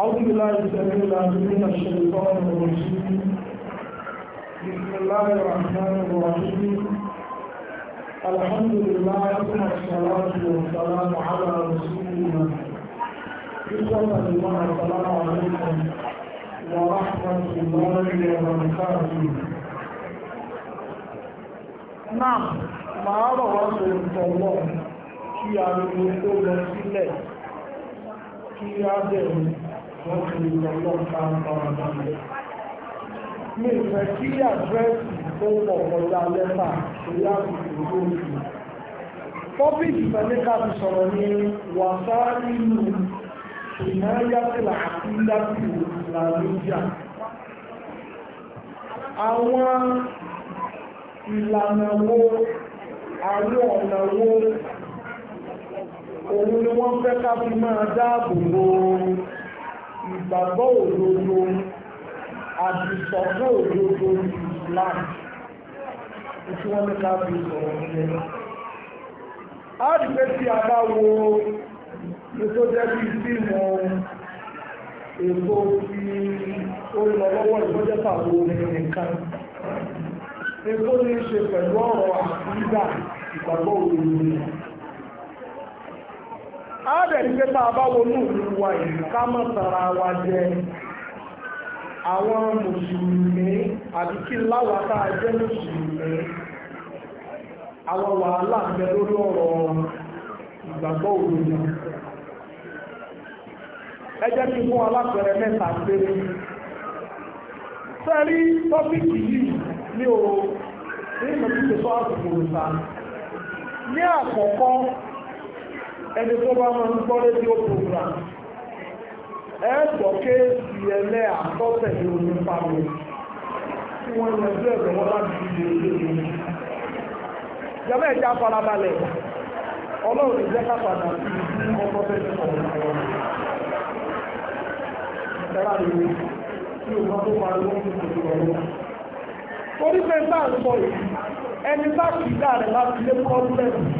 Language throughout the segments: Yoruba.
أعوذ بالله السميع العليم من الشيطان الرجيم بسم الله الرحمن الرحيم الحمد لله ثم الصلاة والسلام على رسولنا إخوة الله السلام عليكم ورحمة الله وبركاته نعم máa rọ̀ wá sọ ìtọ̀lọ́ kí a lè tó lọ wọ́n fi ìgbọ́lọ́ pàápàá mi ìfẹ́ kí àdírẹ́sì tó pọ̀ kọjá lẹ́fà torí àbùkù tó ń fi tọ́pìkì pẹ̀lẹ́ká ti sọ̀rọ̀ ní wàsá nínú ìnáyàtìlà àti ìdájìlú làlújà àwọn ìlànà wo àwọn ọ̀nà wo òun ni wọ́n fẹ́ ká fi máa dáàbò bo ìgbàgbọ́ òdodo àdìsọ́gbọ́ òdodo Islam tí wọ́n ní ká fi sọ̀rọ̀ nílẹ̀. a rí pé tí a bá wo ètò jẹ́ bí fíìmù ètò tí ó lọ lọ́wọ́ ìgbọ́jẹ́ pàwọ́ nìkan ètò ní ṣe pẹ̀lú ọ̀rọ̀ àkúgbà ìgbàgbọ́ òdodo àádẹ́rí pé tá a bá wọnú ìlú ìlú ká wa jẹ àwọn mùsùlùmí àti kí láwa tá a jẹ́ mùsùlùmí àwọn wàhálà ń lórí ọ̀rọ̀ ìgbàgbọ́ òdodo kí fún mẹ́ta péré tọ́pìkì yìí ní o ní ẹni tó bá máa ń gbọ́ rédíò program ẹ̀ẹ́dọ̀ kéèsì ẹlẹ́ àtọ́tẹ̀lé omi pàmò tí wọ́n yẹn bí ẹ̀dọ̀ wọn láti fi lè lè lè. ìjọba ẹ̀jẹ̀ afọlábalẹ̀ ọlọ́run ìjẹ́ kápadà sí ibi ọkọ̀ fẹ́ẹ́ sọ̀rọ̀ ọ̀rọ̀ ìtẹ́lá lè wí tí o máa tó máa lọ́wọ́ tó ti sọ̀rọ̀ lọ́wọ́. orí pé bá ń sọ yìí ẹni bá kì í dáa rẹ̀ láti lé kọ́ńtẹ́ẹ̀tì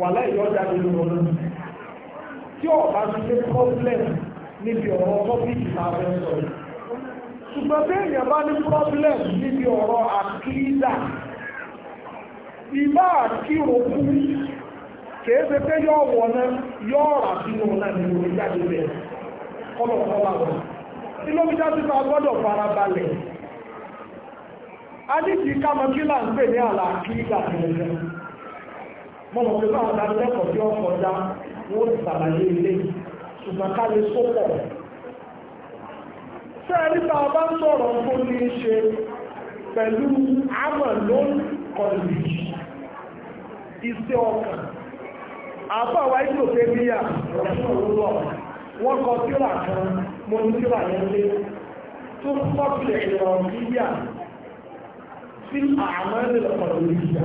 wà láìyọ́ jáde lórí ọdún tí ó bá ti ṣe problem níbi ọ̀rọ̀ tọ́pìkì lábẹ́ sọ̀rọ̀ ṣùgbọ́n bí èèyàn bá ní problem níbi ọ̀rọ̀ àkídà ìbá àkírokú kìí ṣe pé yọ wọ̀ náà yọ ọ̀rà sínú náà ní orí rẹ̀ kọ́lọ̀kọ́lá wọn tí ló fi gbọ́dọ̀ fara balẹ̀ a ní ń pè ní àlàkídà nìyẹn mo mọ̀ pé báwọn darí lẹ́kọ̀ọ́ bí wọ́n kọjá wọ́n ti sàlàyé ilé ṣùgbọ́n ká lè sọ́pọ̀. ṣé ẹ nípa ọba ń sọ̀rọ̀ tó ní í ṣe pẹ̀lú àmọ̀ ló ń kọlù iṣẹ́ ọkàn àbá wa ìlò tẹ́bíyà lọ́sọ̀rọ̀ wọ́n kọ tíra kan mo ní tíra yẹn lé tó ń pọ̀pìlẹ̀ ìrọ̀rùn yíyà sí àmọ́ ìlọ̀kọ̀lù yíyà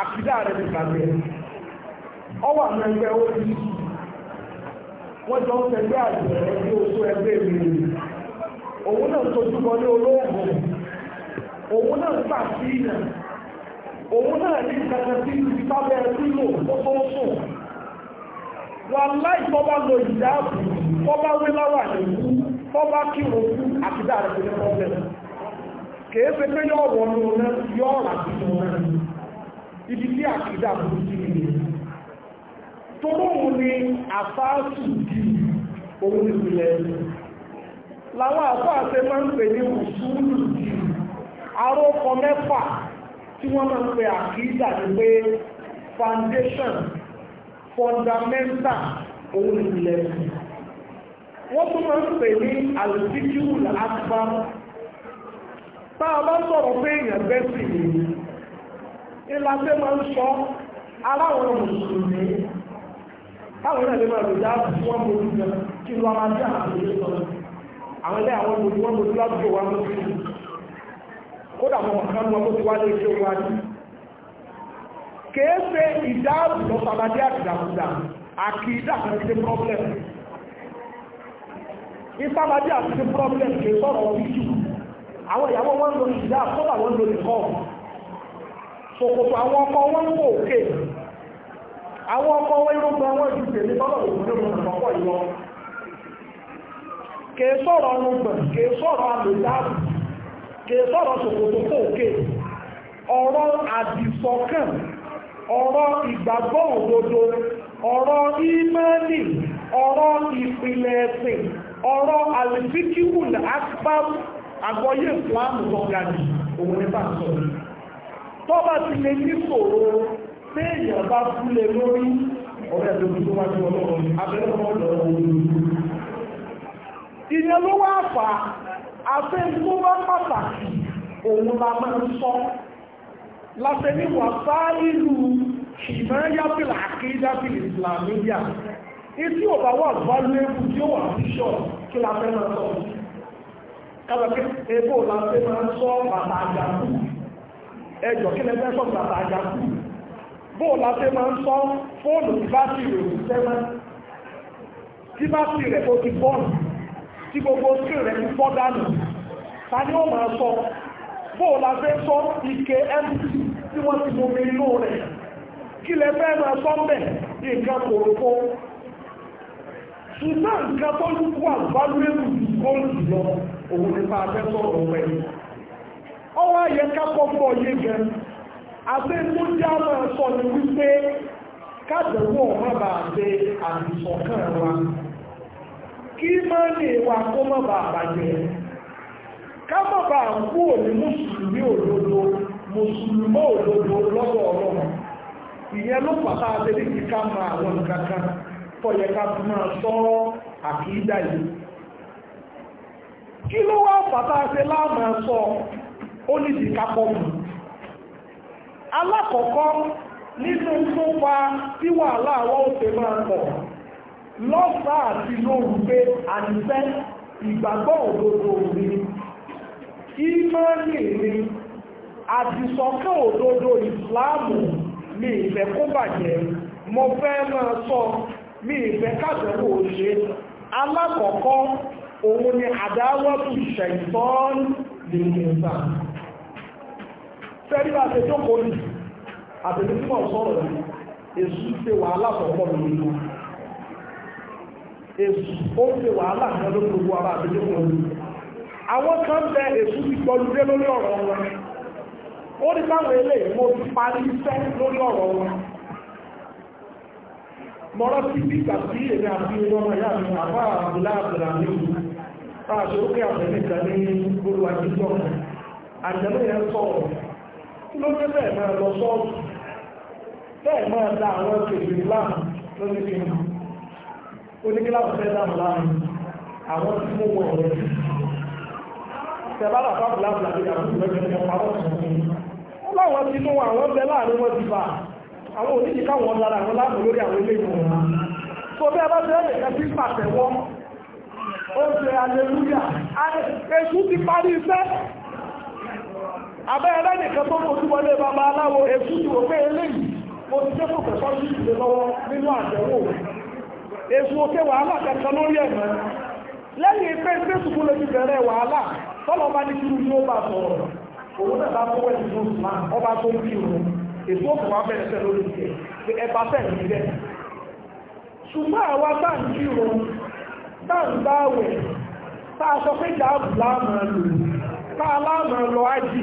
àkídà rẹ̀ ti bàjẹ́ ọwọ́ àwọn ẹgbẹ́ ó ti wọ́n jọ ń tẹgbẹ́ àjẹ́ ẹgbẹ́ oṣù ẹgbẹ́ mi òun náà tójú wọlé olóògùn òun náà gbà sí ìnà òun náà ní kankan sí ibi wọn láì ìdáàbò wé láwà nìkú ti àti ibi tí àkídà burú sí ni tolóhun ni àfáàsù di òun ìpìlẹ̀ làwọn àfáàsẹ máa ń pè ní òṣùlù di arókọ mẹ́fà tí wọ́n máa ń pè àkídà ní pé foundation fundamental òun ìpìlẹ̀ wọ́n tún máa ń pè ní àlùfíjú làásùpá tá a bá sọ̀rọ̀ pé èèyàn bẹ́sì nìyí ìlàfẹ́ máa ń sọ aláwọn mùsùlùmí táwọn náà lè máa lò dá wọ́n mú ojú náà kí ló máa dá àwọn ilé sọ àwọn ilé àwọn mùsùlùmí wọ́n mú ojú ládùúgbò wa mú sí kódà mọ̀ kan lọ tó ti wá lé iṣẹ́ wa ní kéèfé ìdáàbò lọ sàbàdí àtìdàkúdà àkì ìdáàbò problem ìsàbàdí àti problem kì í sọ̀rọ̀ ìṣù àwọn ìyàwó wọn lò ìdáàbò ṣòkòtò àwọn ọkọ wọn ń wò òkè àwọn ọkọ wọn irúgbọn wọn ju tèmi tọ́lọ̀ òkúrò lọ́pọ̀ ìlọ kèé sọ̀rọ̀ ọrùngbọ̀n kèé sọ̀rọ̀ àlòdáàbù kèé sọ̀rọ̀ ṣòkòtò kò òkè ọ̀rọ̀ àdìsọ́kàn ọ̀rọ̀ ìgbàgbọ́ òdodo ọ̀rọ̀ ìmẹ́lì ọ̀rọ̀ ìpìlẹ̀ ẹ̀sìn ọ̀rọ̀ àlìsíkíwù àgbáyé ìsìlámù lọ́gàdì òun ní sọ̀rọ̀ tó bá ti lè ní kòrò pé èèyàn bá kúlé lórí ọ̀rẹ́ tó tó wá sí ọlọ́run abẹ́lẹ́kọ̀ọ́ lọ́wọ́ ìyẹn ló wá fà afẹ́ tó bá pàtàkì òun la máa ń sọ láti ní wàsá ìlú ìmọ̀ẹ́yàfìlà àkéjáfìlì ìsìlámíyà ìtí ò bá wà valuable tí ó wà bíṣọ̀ kí la fẹ́ máa sọ kábàkẹ́ ebó la fẹ́ máa sọ bàtà àjàkú ẹjọ́ kí lẹ́fẹ́ sọ bàtà àjà kù bó la ṣe máa ń sọ fóònù tí bá sì rè ní sẹ́mọ́ tí bá sì rẹ̀ ó ti bọ́ọ̀nù tí gbogbo sí rẹ̀ ti fọ́ dànù ta ni ó máa sọ bó la ṣe sọ ike mc tí wọ́n ti bomi inú rẹ̀ kí lẹ́fẹ́ máa sọ bẹ̀ nǹkan kòròkó ṣùgbọ́n nǹkan tó wà bá lórí ètò ìgbóhùn jùlọ òun nípa abẹ́sọ̀rọ̀ pẹ̀lú ọwọ́ ayẹ kápọ́pọ̀ yé gẹ àti tó jẹ́ àmọ́ ẹ̀sọ́ ni wípé kádẹ̀wò má bàa àdìsọ̀kàn wa kí má lè wà kó má bàa bàjẹ́ kú òní mùsùlùmí òdodo òdodo ọlọ́run ìyẹn ló pàtà ká ma àwọn nǹkan kan tọ́yẹ ká fi máa sọ̀rọ̀ àkìídà yìí kí ló wá sọ ó ní ìdíkápọ̀ mú alákọ̀ọ́kọ́ nínú tó fa tí wàhálà àwọn òṣè máa pọ̀ lọ́sàá àti lóru pé àníṣẹ́ ìgbàgbọ́ òdodo mi ìmọ̀ọ́nì mi àdìsọ́kẹ́ òdodo ìsìláàmù mi ìfẹ́ kó bàjẹ́ mo fẹ́ máa sọ mi ìfẹ́ kájọ̀wò ṣe alákọ̀ọ́kọ́ òun ni àdáwọ́tù ṣẹ̀tọ́ọ̀nì lè kẹta sẹ́rí bá ṣe jókòó ní àtẹ̀lé tí ní èṣù ṣe wàhálà sọ̀pọ̀ lórí ìlú èṣù ó ṣe wàhálà kan lórí gbogbo ara àtẹ̀lé lórí àwọn kan bẹ èṣù ti gbọlu dé lórí ọ̀rọ̀ wọn ó ní báwọn eléyìí mo ti parí iṣẹ́ lórí ọ̀rọ̀ wọn mọ̀rọ̀ sí bí ìgbà èmi àti ọmọ ìyá mi àbá àbúlá àbúlá mi bá a ṣe ó pé àbẹ̀mí kan ní gbogbo àjíjọ́ àjẹ́lóyẹ sọ̀rọ̀ kí ló dé bẹ́ẹ̀ máa lọ sọ́ọ̀tù bẹ́ẹ̀ máa da àwọn kèbìrì láàmú lórí fi hàn ó ní kí láwọn fẹ́ dáàmú láàmú àwọn tí mo wọ̀ rẹ̀ tẹ̀bára fáwọn láàmú làbí àwọn ìgbẹ́gbẹ́ ọ̀pá ọ̀sán ni ó láwọn ti mú àwọn bẹ láàrin wọn ti fà àwọn oníjì káwọn lára àwọn láàmú lórí àwọn ilé ìwọ̀n wọn tó bẹ́ẹ̀ bá bẹ́ẹ̀ nìkan ti pàtẹ́wọ́ ó ṣe alelúyà èṣù ti parí iṣẹ́ abẹ́rẹ́ nìkan tó kó sí wọlé bàbá aláwo èsù ti wò pé eléyìí mo ti tẹ́kọ̀ọ́ pẹ̀sọ́ sí ìdílé lọ́wọ́ nínú àdẹ̀wò èsù òkè wàhálà kankan lórí ẹ̀mọ́ lẹ́yìn pé jésù kúlẹ̀ ti bẹ̀rẹ̀ wàhálà tọ́lọ́ bá ní kírú ní ó bá sọ̀rọ̀ òun náà bá tó wẹ̀ nínú ìsúná ọba tó ń kírun èsù òkè wàá bẹ̀rẹ̀ sẹ́ lórí ìṣẹ́ pé ẹ bá fẹ́ mi bẹ́ẹ̀ ṣùgbọ́n àwa tá à ń kírun tá à ń bá wẹ̀ tá a sọ pé jà á bù láàmú lò tá a láàmú lọ ájì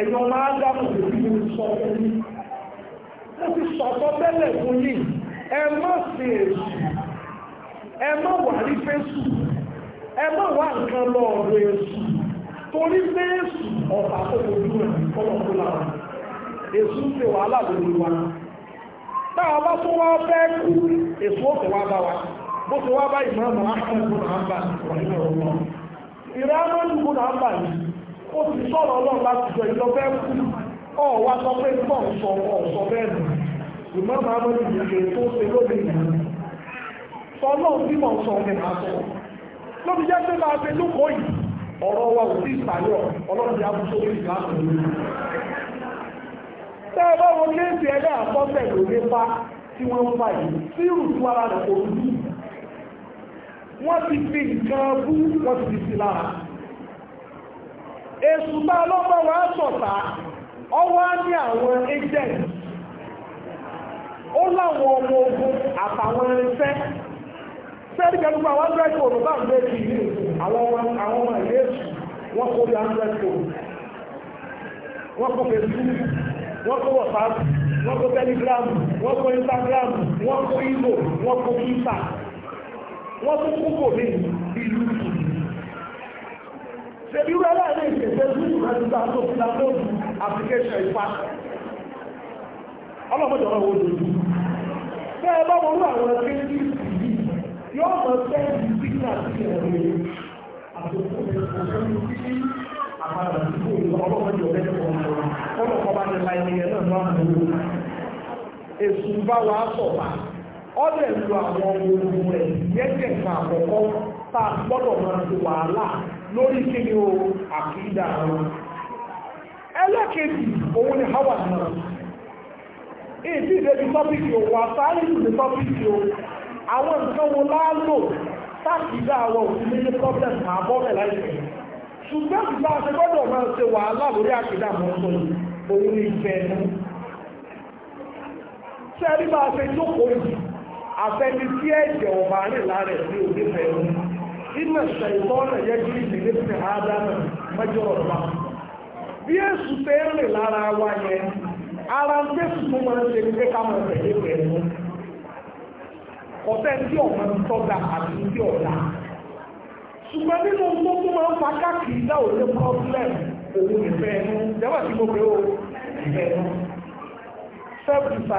ẹ̀yọ́ máa dámù ìlú sọ ẹni mo ti sọ̀tọ̀ tẹ́lẹ̀ fún yìí ẹ má ṣe èṣù ẹ má wà ní fésù ẹ má wà nǹkan lọ ọ̀rọ̀ èṣù torí fésù ọ̀tà tó kojú rẹ̀ kọ́lọ̀ tó lára èṣù ń ṣe wàhálà lórí wa tá a bá tún wá fẹ́ kú èṣù ó fẹ́ wá bá wa bó ti wá bá ìmọ̀ àmọ́ àkọ́kọ́ náà bá ìrànlọ́wọ́ ìrànlọ́wọ́ náà bá ó ti sọ̀rọ̀ ọlọ́run láti jọ ìlọ́fẹ́ kú ọ̀ wá sọ pé pọ̀ sọ ọ̀sọ̀ bẹ́ẹ̀ nù ìmọ̀ máa mọ́ ìdí ìṣe tó ṣe lóde ìlú sọlọ́ bí mọ̀ sọ ọ̀kẹ́ máa sọ lóbi jẹ́ pé máa ṣe lóko yìí ọ̀rọ̀ wa ò sí ìsàlẹ̀ ọlọ́run ti àbúṣe orí ìlú àtúntò tẹ́ ẹ bá wọn léèdì ẹgbẹ́ àkọ́sẹ̀ ló lé pa tí wọ́n ń fa yìí sí ìrùtú ara rẹ̀ kò rú wọ́n ti fi nǹkan bú wọ́n ti fi lára èsù bá lọ́pọ̀ wá sọ̀tà ọwọ́ á ní àwọn agent ó láwọn ọmọ ogun àtàwọn irinṣẹ́ sẹ́ẹ̀dì kẹ́lú pé àwọn hundred kòrò bá ń gbé kì àwọn ọmọ àwọn wọ́n kó bí hundred kòrò wọ́n kó facebook wọ́n kó whatsapp wọ́n kó telegram wọ́n kó instagram wọ́n kó imo wọ́n kó twitter wọ́n tún kúkò ní ìlú ṣe bí wẹ́lá ilé ìṣẹ̀ṣẹ̀ zoom rẹ̀ ti gbà tó fi download application ìfà ọlọ́mọdé ọ̀rọ̀ wo lòdù bẹ́ ẹ bá wọn rú àwọn ẹgbẹ́ ní ìsìlì yóò mọ̀ fẹ́ ìdí sígbà sí lórí kí ni o àkídà àwọn ẹlẹ́kẹ̀ẹ́bì òun ni hawa náà èdè ìdẹ́bi tọ́pìkì o wà sáárì ìdẹ́ tọ́pìkì o àwọn nǹkan wo láàlò táàkìdá àwọn òfin ní problem máa bọ́ rẹ̀ láìpẹ́ ṣùgbọ́n ìgbà àti gbọ́dọ̀ máa ṣe wàhálà lórí àkídà mọ́ sọ òun ni ìfẹ́ ẹnu sẹ́rí bá a ṣe jókòó yìí àfẹ́ni tí ẹ̀jẹ̀ ọ̀bà rìn lára ẹ̀ ní fẹ́ ẹnu iná ṣàìtọ́nà yẹ kí ìdílé ti àádámà ara ń tẹ́sù tó máa ń ṣe ní pé ká máa tẹ̀lé pẹ̀lú ọ̀tẹ́ tí ọ̀mọ ń tọ́ga àti tí ọ̀la ṣùgbọ́n nínú tó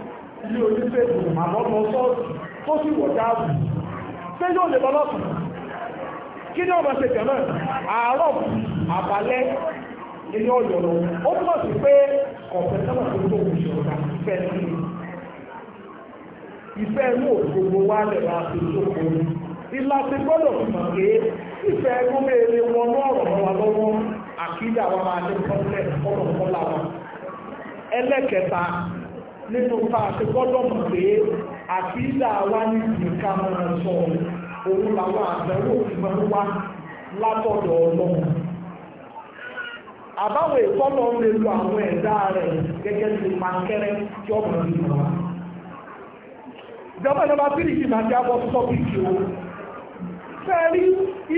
ilé oníṣègùn àbọ̀mọ sọ́ọ̀tù tó sì wọ̀ dáàbù ṣé yóò lè lọ́lọ́tù kí ni ọmọ ṣe tẹ̀lé àárọ̀ àbálẹ́ ilé ọ̀yọ́ lọ ó túmọ̀ sí pé ọ̀fẹ́ sábà tó tó òun ṣọ̀rọ̀ fẹ́ sí ìfẹ́ inú ògbogbo wa lẹ̀ wá sí ìṣòkò ìlà ti gbọ́dọ̀ fi mọ̀ pé ìfẹ́ inú mèrè wọn lọ́rọ̀ wa lọ́wọ́ àkídà wa máa nínú ta àti gbọ́dọ̀ mọ̀ pé àfíìdà wa ní ìka máa sọ òun làwọn àbẹ̀wò ìmọ̀ wa látọ̀dọ̀ ọlọ́run àbáwọ̀ ìfọ́lọ́ ń lè lo àwọn ẹ̀dá rẹ̀ gẹ́gẹ́ bí pankẹ́rẹ́ tí ọmọ ní ìlú ìjọba ìjọba bíríkì máa jẹ́ abọ́ sọ́bìkì o fẹ́rí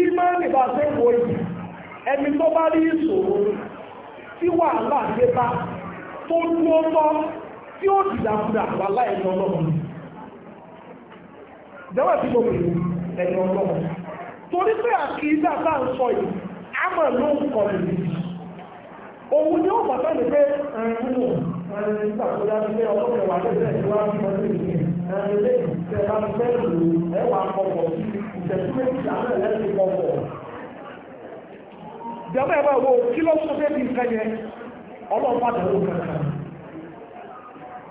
ìmọ̀ọ́nì bá ṣe wo yìí ẹni tó bá rí ìṣòro tí wàhálà dé bá tó dúró tọ́ tí ó ti dàkúdà wà láì lọ lọ́wọ́ jẹ́wọ́ tí mo pè é ẹ̀yìn ọlọ́wọ́ torí pé àkìdá tá à ń sọ yìí á mọ̀ ló ń kọ̀ lè òun ni ó pàtó ní pé ẹ̀rùn ẹ̀rùn nígbà tó dájú pé ọlọ́pẹ̀ wà lẹ́sẹ̀ tí wọ́n á fi mọ́tò ìgbìn ẹ̀rùn lé tẹ̀ bá ti fẹ́ lò ẹ̀wà kọ̀ọ̀kọ̀ ìṣẹ̀tú méjì àwọn ẹ̀lẹ́sìn kọ̀ọ̀kọ̀. ìjọba ẹ̀wọ̀ kí ló sọ fẹ́ bí nǹkan yẹn ọlọ́pàá dàrú kankan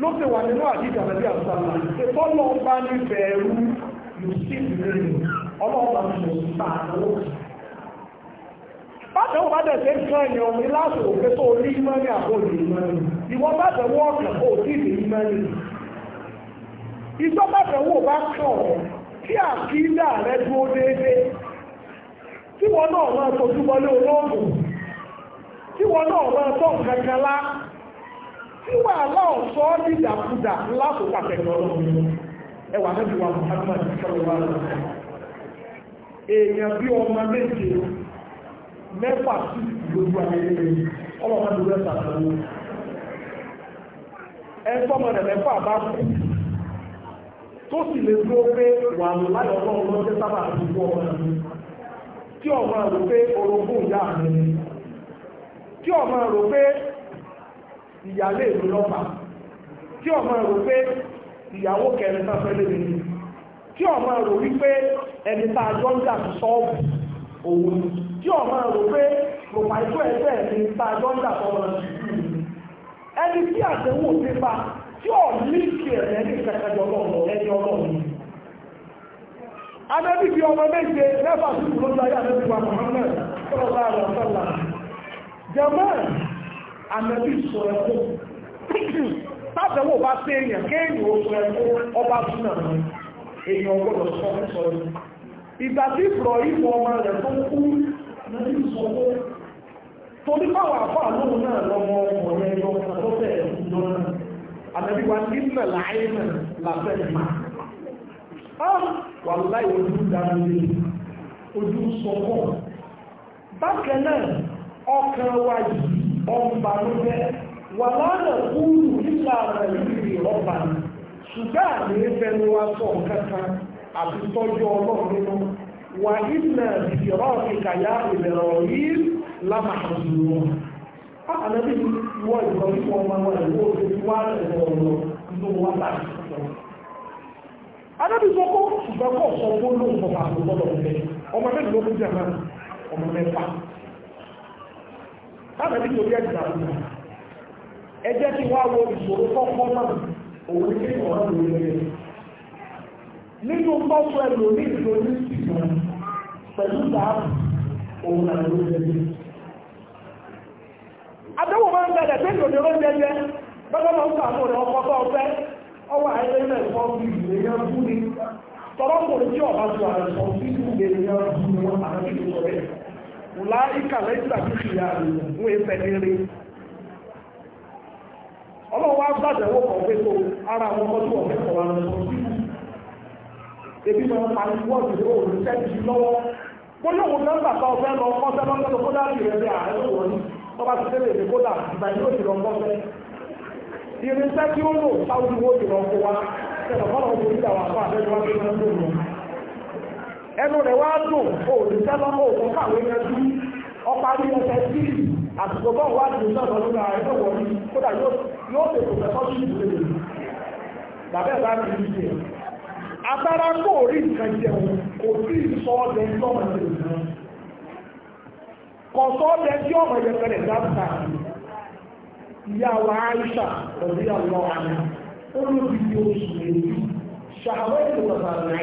ló ti wà nínú àdíjà àbẹ̀bí àṣàlà ètò lọ́ọ́ bá ní bẹ̀rù yóò sí ìrìn ọlọ́ọ̀bá ti mọ̀ sí àtàwọn bátẹ̀wọ̀ bá dẹ̀ ṣe ń kan èèyàn ní láti òfin tó orí ìmọ̀ni àbòlì ìmọ̀ni ìwọ́n bátẹ̀wọ̀ ọ̀kàn kò tí ìlú ìmọ̀ni ìjọ bátẹ̀wọ̀ bá kàn ọ́ kí àkídà rẹ dúró déédéé tí wọn náà máa olóògùn tí náà máa lá tí wàhálà ọ̀sọ́ dídàkudà látòkà tẹ̀kọ́lọ́jì ẹwà mẹ́bí wa Muhammad sọ́lọ́wà èèyàn bí ọmọ méje mẹ́fà sí lójú ayẹyẹ ọlọ́mọdé rẹ̀ sàtàwó ẹ̀fọ́mọ rẹ̀ mẹ́fà bá kú tó sì lè dúró pé wà láyọ̀ ọlọ́run lọ́jọ́ sábà àdúgbò ọmọ mi tí ọmọ rò pé orogún ìyá mi tí ọmọ rò pé ìyálé ìlú lọ́pà tí ọmọ rò pé ìyàwó kẹrin tán fẹ́lẹ́ mi ni tí ọmọ rò wípé ẹni tá a jọ ń jà sọ́ọ̀bù òun tí ọmọ rò pé pòpàìtó ẹgbẹ́ ẹni tá a jọ ń jà sọ́ọ̀bù ẹni tí àtẹ̀wò ti fa tí ọ̀ ní ìṣẹ̀ ẹni kẹkẹjọ lọ́wọ́ ẹni ọlọ́run Adébí bí ọmọ méje mẹ́fà sí ìlú lọ́jọ́ ayé àdébí wa Muhammad sọ́lọ́lá àlọ́ sọ́lá. Jẹ́mọ́ àmẹ́bí sọ ẹ̀kọ́ tábẹ̀wò bá sí èèyàn kéèyàn ó sọ ẹ̀kọ́ ọba súnà èèyàn gbọ́dọ̀ sọ fún sọ ẹ̀kọ́ ìgbà tí ìfọ̀ ìfọ̀ ọmọ rẹ̀ tó kú lórí ìsọ̀kọ́ torí báwọn àfọ́ àlóhùn náà lọ́mọ ọmọ yẹn lọ tó fẹ́ ẹ̀kú lọ́nà àmẹ́bí wa ní ìmẹ̀ láyé náà làfẹ́ ìmà wà láì ojú dáná lé ojú sọ̀kọ́ bákan náà ọkàn wa yìí ọ̀nbàlójẹ́ wà lánàá kúrú nípa ara ìrírí ọba ṣùgbọ́n àmì ìfẹ́nu wa sọ kankan àti tọ́jú ọlọ́run nínú wà ìnà ìfìrọ́ ìkàyà ìbẹ̀rọ̀ yìí lámàkùnrin wọn. Ànábì wọ ìkọ̀ ìfọ̀ ọmọ wọn ìwọ òṣèlú wà lẹ́nu ọ̀rọ̀ inú wa láti sọ. Ànábì sọ kó ṣùgbọ́n kọ̀ sọ gbólóhùn ọmọ àgbọ̀gbọ́dọ̀ ọmọ mẹ́rin ló kú jẹ̀ náà ọmọ mẹ́fà. táwọn ẹbí tó yẹ ìgbà tó ẹ jẹ́ kí wá ìṣòro kọ́kọ́ náà òun ní ọ̀rọ̀ lórí rẹ̀ nínú kọ́kọ́ ẹ lò ní ìṣòro ìṣòro pẹ̀lú sàárù òun náà lórí rẹ̀ àdéhùn máa ń bẹ̀rẹ̀ pé ìròyìn ló bẹ́ẹ̀ ń rẹ̀ ọkọ̀ tó ọwọ́ ilẹ̀ fún wùlá ìkàlẹ̀ ìtàbí ìyá àwọn ìfẹ̀lẹ́rẹ́ ọlọ́wọ́ agbádẹ̀wò ara àwọn ọmọ tó ọ̀fẹ́ kọ̀ọ̀rọ̀ àwọn ọmọ ebi máa ń pa ní wọ́ọ̀dù tó òun tẹ́jú lọ́wọ́ bóyá òun nọ́mbà tó ọ̀fẹ́ lọ kọ́sẹ́ ọba ẹnu rẹ̀ wá dùn òòlù sẹ́lọ́ òòlù káwé yanjú ní ọ̀sẹ̀ sí àsìkò bọ́ wá dùn sọ̀rọ̀ lóra ẹ̀rọ wọ̀nyí kódà yóò fèsò pẹ̀tọ́ sí ìdílé bàbá ẹ̀ bá ti rí jẹ agbára kò rí nǹkan jẹun kò sí sọ ọdẹ tí ọmọ kò sọ ọdẹ tí ọmọ dáàbà Aisha oṣù ṣàwẹ́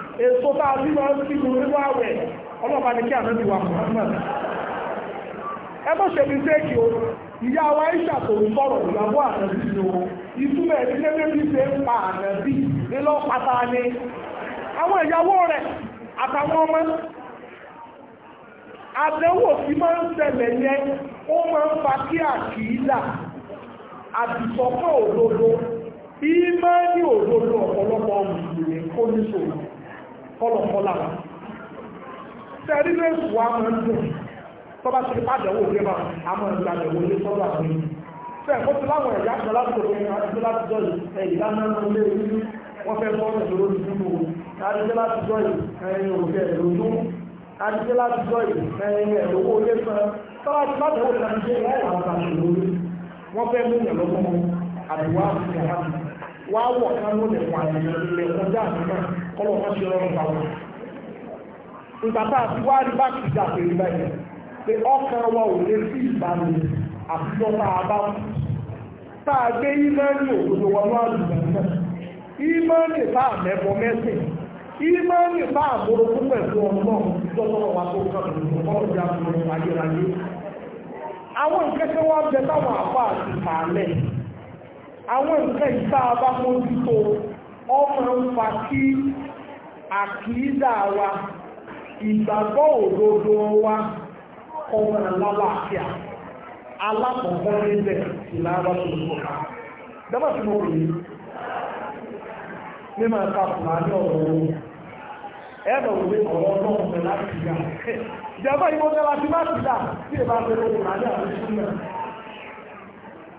èso bá a bí máa fi mú nínú àwẹ̀ ọlọ́ba ní kí àná ti wà ẹ bó ṣe o ìyá wa sọ̀rọ̀ ìyàwó ni o ìtumọ̀ bí ṣe ń pa ànábì nílọ pátá ni àwọn ìyàwó rẹ̀ àtàwọn ọmọ tí máa ń ṣẹlẹ̀ yẹn ó kọ́lọ̀kọ́lá wọn tẹ́rí lè sùn wá máa ń dùn tó bá ṣe pàdánwò lé máa a máa ń gba àyẹ̀wò lé sọ́dọ̀ àwọn èèyàn fẹ́ kó ti láwọn ẹ̀yà kan láti tó fún láti jọ ẹ̀yà náà ń lé orí wọ́n fẹ́ fọ́ ọ̀nà nínú àdíjẹ́ láti jọ láti jọ ẹ̀yìn ẹ̀lòwó lé san ṣe ẹ̀yà àwọn àṣẹ lórí wọ́n fẹ́ mú ìyàn lọ́gbọ́n wá wọ̀ lè kọ́lọ̀ wọ́n ṣe bá wọn. ìgbà tá a ti wá rí báàkì ìjà pé ìgbà yẹn pé ọkàn wa ò lè sí ìbámu àtijọ́ tá a bá wù. tá a gbé ímánì òdodo wọnú àdúgbò náà ímánì bá àmẹ́bọ mẹ́sìn ímánì bá àmọ́rogún pẹ̀lú ọmọ ìjọba wa tó àwọn nǹkan ìta bá mójútó ọmọ ń fa kí àkìídà wa ìgbàgbọ́ òdodo wa ọmọ lálàáfíà alákọ̀ọ́kọ́ níbẹ̀ ìlànà tó lọ ká dábà tí mo rí ní máa ka fúlàní ọ̀rọ̀ òwe ọ̀rọ̀ ti má ti dà sí àti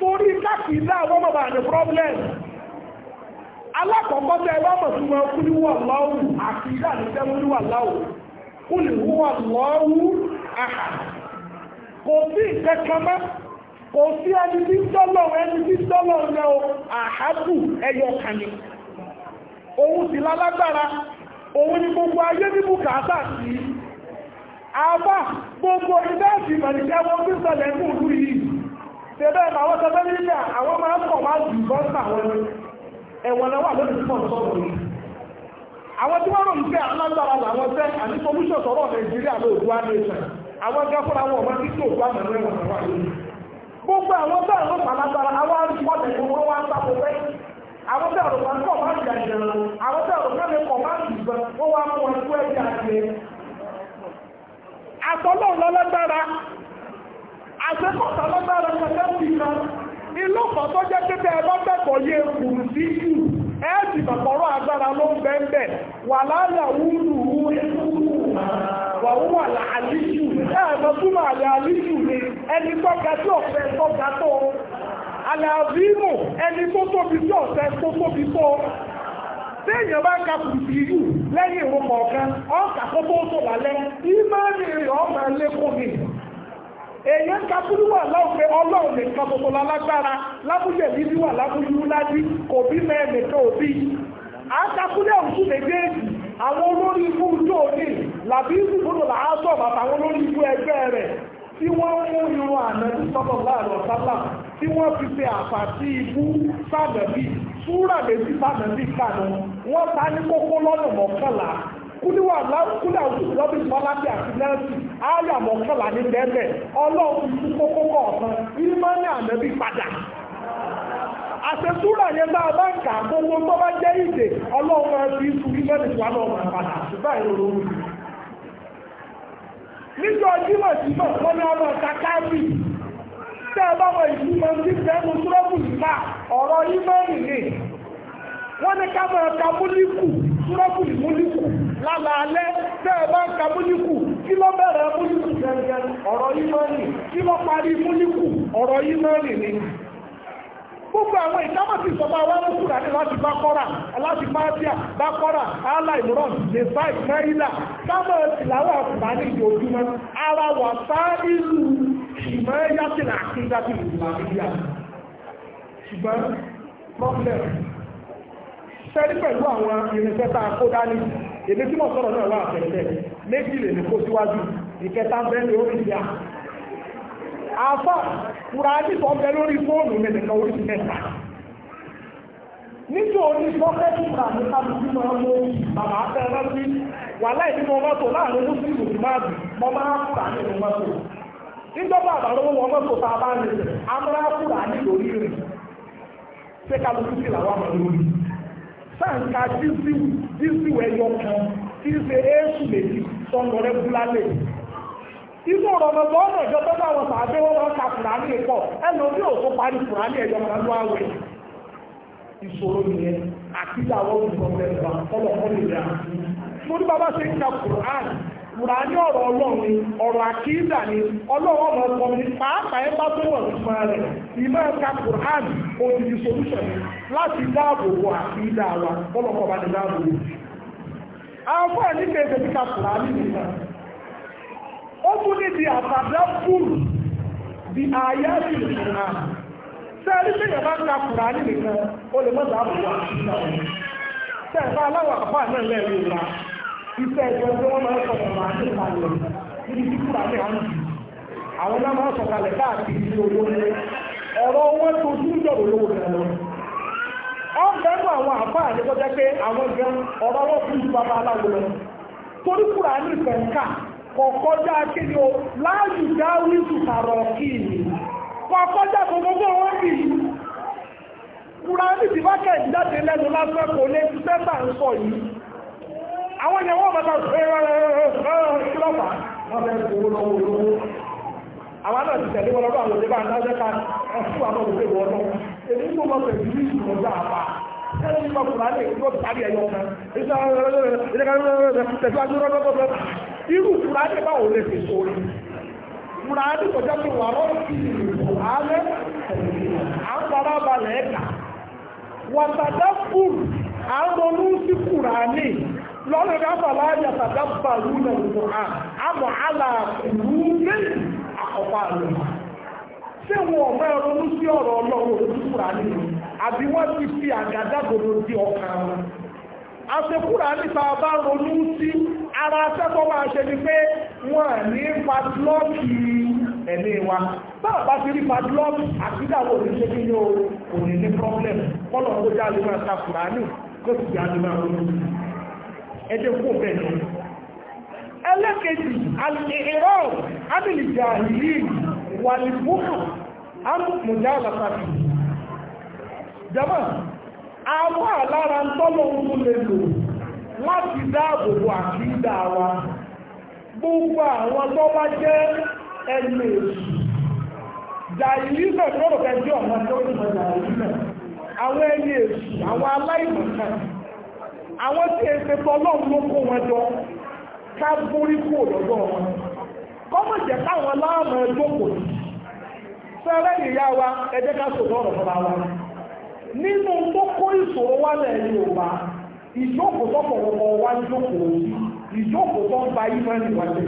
torí káàkiri náà wọ́n mọ̀ bá ní problem alákọ̀ọ́kọ́ tẹ́ wọ́n mọ̀ sí wọn kúlúwà lọ́wù àti ìdáàdìsẹ́ kúlúwà lọ́wù kúlúwà lọ́wù àhà kò sí ìkẹ́kẹ́ mọ́ kò sí ẹni tí dọ́lọ̀ ẹni tí dọ́lọ̀ rẹ o àhábù ẹyọ kàní òun sì lálágbára òun ni gbogbo ayé ní bùkátà sí àbá gbogbo ìdáàdì mọ̀lẹ́kẹ́ wọn gbé sọ̀lẹ́kùn lú yìí tẹ́lẹ̀ ní àwọn tẹ́lẹ̀ nígbà àwọn máa ń pọ̀ máa jù bọ́ sí àwọn ẹ̀wọ̀n pọ̀ àwọn tí wọ́n rò ní pé alágbára làwọn àní sọ̀rọ̀ nàìjíríà ló àwọn wọn ọmọ tí kò gbà mẹ́rin ẹ̀wọ̀n wà lórí gbogbo àwọn tẹ́ àwọn pàlágbára àwọn arúgbọ́dẹ̀ wá ń àṣekọ̀tà lọ́gbàrá kẹta sí kan ilú kan jẹ́ pé bẹ́ẹ̀ bá gbẹ̀kọ̀ sí jù ẹ́ ti agbára ló ń wà láàyà wúlù wà wúwà láàlíjù ẹ̀ẹ̀mọ́ lẹ́yìn ìwọ̀n kọ̀ọ̀kan tó tó lálẹ́ èèyàn ka búrú wà láwùjọ ọlọ́run nìkan gbogbo lálágbára lábúlé bí bí wà lábúlú lábí kò bí mẹ́rin tó bí àtàkùnlé òkú méjèèjì àwọn olórí ikú tó ní làbí ìsìnkúrò làásọ̀ àtàwọn olórí ikú ẹgbẹ́ rẹ̀ tí wọ́n mú irun ànàbí tí wọ́n fi ṣe ikú súrà méjì kànú wọ́n ta ní kókó lọ́nà mọ́kànlá kúlíwà kúlíwà lọ́bì mọ́lábì àti nẹ́ẹ̀sì áyà mọ́kànlá ní bẹ́ẹ̀ ọlọ́run tún kókó kọ̀ọ̀kan ìmọ̀ọ́nì ànábì padà àṣẹsúrà yẹn bá a bá ń kà gbogbo tó bá jẹ́ ìdè máa fi tó wà níjọ ẹ bá mú ọ̀rọ̀ wọ́n ní ká máa ka múlíkù túrọ́kùlì múlíkù lálàálẹ́ tẹ́ ẹ bá ń ka múlíkù kí ló bẹ̀rẹ̀ múlíkù gẹ́gẹ́ ọ̀rọ̀ yìí máa nì kí ló parí múlíkù ọ̀rọ̀ yìí máa nì ni. gbogbo àwọn ìdámọ̀tì ìsọ̀bá wa ló kúrò ní láti bá kọ́ra láti bá bíà bá kọ́ra aláìmọ̀ràn lè bá ìmáyílà sábà tìláwọ̀ àkùnbá ní ìdí ojúmọ́ ara wà sáà ìlú ìmọ̀ sẹ́rí pẹ̀lú àwọn irinṣẹ́ tá a kó dání èmi tí mo sọ̀rọ̀ náà wà àfẹ́fẹ́ méjì lè ní kó síwájú ìkẹta bẹ́ ìyá àfà lórí fóònù orí mẹ́ta nítorí kábíyí máa mú bàbá wà mọ́tò láàrin mùsùlùmí máa a bá ń rìn rìn ṣé sí làwọn sáǹkà dísìl ọkụ ẹyọ kan tí ń ṣe éṣù méjì sọnù rẹgúlálẹ inú ọ̀rọ̀mọ̀tò ọ̀nà ìjọ bá wọn pàdé wọn wọn ka fúrání pọ̀ ẹnu bí òkú parí fúrání ẹ̀yọ àwẹ̀ ìṣòro nìyẹn àti ìṣòro ọlọ́kọ́ nìyẹn mo ní bàbá ṣe ń ka kùránì ọ̀rọ̀ ọlọ́run ọ̀rọ̀ àkíńdà ni ọlọ́run ọmọ ọkọ mi pàápàá ẹ bá tó wọ̀ nípa rẹ̀ ìmọ̀ ẹ̀ka kùránì odidi solution ni láti dáàbò bo àkíńdà wa ọlọ́kọ̀ bá ti dáàbò àwọn ó tún ní di di sí bá ń ka ó lè iṣẹ́ ìjọ tí wọ́n máa ń sọ̀rọ̀ máa ń sọ̀rọ̀ níbi tí kúrò àmì àmì àwọn náà máa ń sọ̀kalẹ̀ káàkiri owó tó tún jọ̀rọ̀ lówó lọ. ń àwọn pé àwọn gan ọ̀rọ̀ wọn fún aláwo lọ. torí kúrò àmì ìfẹ̀ǹkà kéde o láàyè àmì lẹ́nu lásán kò bá àwọn ìyàwó ọ̀bàtà ìṣẹ́lọ́pàá wọ́n fẹ́ owó lọ́wọ́ olówó àwọn náà ti tẹ̀lé wọn lọ́dọ̀ àwọn òṣèlú àdájẹ́ka ẹ̀fún àwọn òṣèlú ọdún èmi tó mọ̀ pẹ̀lú ìṣòro àpá ẹni nípa kùnà lè kó tàbí ẹyọ kan ìṣẹ́ tẹ̀síwájú rọ́dọ́dọ́dọ́ irú kùnà lè bá òun lè fi sórí kùnà lè kọjá pé wà lọ́wọ́ sí ìrìnàjò alẹ́ à ń fara balẹ̀ ẹ̀ka wàtàdá fún àwọn olóńsí kùnà lè lọ́nà dábà láyé àtàdábà lúnà ìwòrán àmọ́ aláàkùnrù lẹ́yìn àkọ́kọ́ àlọ́ ṣé wọn ọmọ ẹ̀rọ ní sí ọ̀rọ̀ ọlọ́run òkúra nínú àbí wọ́n ti fi àgádágodo di ọkàn wọn àṣekúra nípa bá ronú sí ara akẹ́kọ̀ọ́ máa ṣe ni pé wọ́n ní patlọ́ọ̀kì ẹ̀mí wa báà bá ti rí patlọ́ọ̀kì àtìdáwò oníṣẹ́ kí ni o kò ní ní pọ́blẹ̀mù kọ́lọ̀ tó jáde máa ta kùránì kó sì jáde máa ronú sí i. ẹjẹ́ kó bẹ̀rẹ̀ ẹlẹ́kẹ̀ẹ́jì alìrọ̀ adìlìjà ìlú wàlìmúkù amúkùnjáàlàtàkì jama àwọn alára ń tọ́lọ̀ ohun lè láti dáàbòbò àkídà wa gbogbo àwọn tó bá jẹ́ ẹni èsù jàìlì náà náà àwọn tí èsè tọ́lọ́run ló kó wọn jọ ká bórí kò lọ́dọ̀ wọn kọ́mọ̀ jẹ́ káwọn láàmú ẹjọ́ kò ìyá wa ẹ ká sọ̀rọ̀ ọ̀rọ̀ fúnra wa nínú tó kó ìṣòro wá lẹ̀ Yorùbá ìjókòó tó pọ̀lọpọ̀ wá jókòó ìjókòó tó ń ba ìmọ̀ níwájú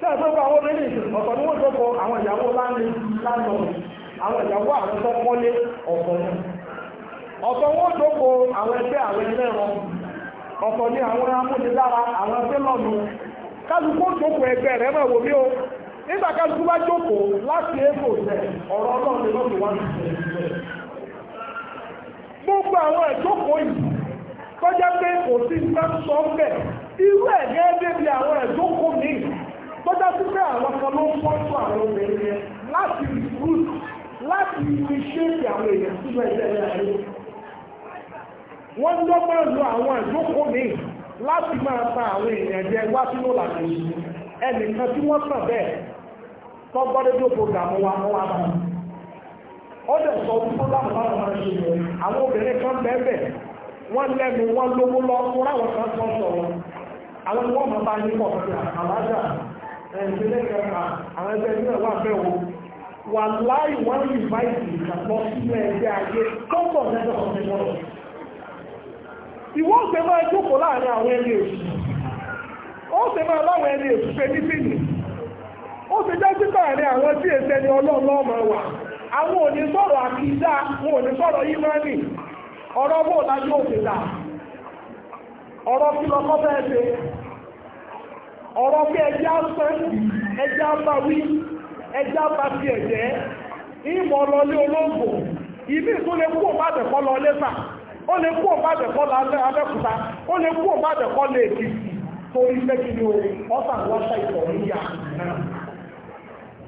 sẹ́ẹ̀sọ́gbà àwọn obìnrin ni wọ́n jókòó àwọn ìyàwó láńlé àwọn ìyàwó àwọn ọ̀tọ̀ wọn jókòó àwọn ẹgbẹ́ àwọn ẹlẹ́rọ ọ̀tọ̀ ni àwọn amúnidára àwọn ẹgbẹ́ lọ́nu kálukú jókòó ẹgbẹ́ rẹ̀ mọ̀ wò mí o nígbà kálukú bá jókòó láti èkó tẹ ọ̀rọ̀ ọlọ́run lọ́dún wá gbogbo àwọn ẹ̀jókòó yìí pé kò sí bẹ́ẹ̀ irú ẹ̀ gẹ́gẹ́ bí àwọn ẹ̀jókòó sí pé àwọn kan ló ń àwọn obìnrin yẹn láti láti fi àwọn èèyàn sínú ẹgbẹ́ wọ́n ń dọ́gbọ́n lo àwọn ìjókòó mi láti máa ta àwọn èèyàn jẹ wá sínú làjò ẹnìkan tí wọ́n tàn bẹ́ẹ̀ tó gbọ́dọ̀ tó programu wa wọ́n wá bá wọn. ó dẹ̀ sọ fún programu bá wọn ṣe yẹ àwọn obìnrin kan bẹ́ẹ̀ bẹ́ẹ̀ wọ́n lẹ́nu wọ́n lówó lọ fún àwọn kan tó sọ̀rọ̀ àwọn ni wọ́n máa bá yín pọ̀ sí àlájà ẹ̀ẹ́dẹ́gbẹ̀rẹ̀ kẹta àwọn ẹgbẹ́ ìgbẹ́ wà bẹ́ẹ̀ wo wà láì wọ́n rí báyìí ìkàtọ́ sílẹ̀ ẹgbẹ́ ayé tó pọ̀ lẹ́dọ̀ ọ̀sẹ̀ mọ́rọ̀ ìwọ ọ̀sẹ̀ máa jókòó láàrin àwọn ẹni èṣù ó máa láwọn ẹni èṣù ṣe ní ó ṣe jẹ́ sí láàrin àwọn tí èsì ẹni ọlọ́run wà àwọn ò sọ̀rọ̀ àkídá wọn ò ní sọ̀rọ̀ ìmánì ọ̀rọ̀ bó lájú òṣèlà ọ̀rọ̀ kí lọ́kọ́ bẹ́ẹ̀ ṣe ọ̀rọ̀ bí ẹjẹ́ asán ẹjẹ́ abawí ẹjẹ́ abati ẹ̀jẹ́ ìmọ̀ ọlọ́lé olóògùn òpàdé ó lè kú òǹbàdẹ̀kọ́ abẹ́kúta ó lè kú òǹbàdẹ̀kọ́ lè kìkì torí mẹ́kìlì ọ̀sán wáṣà ìtọ̀rí yà náà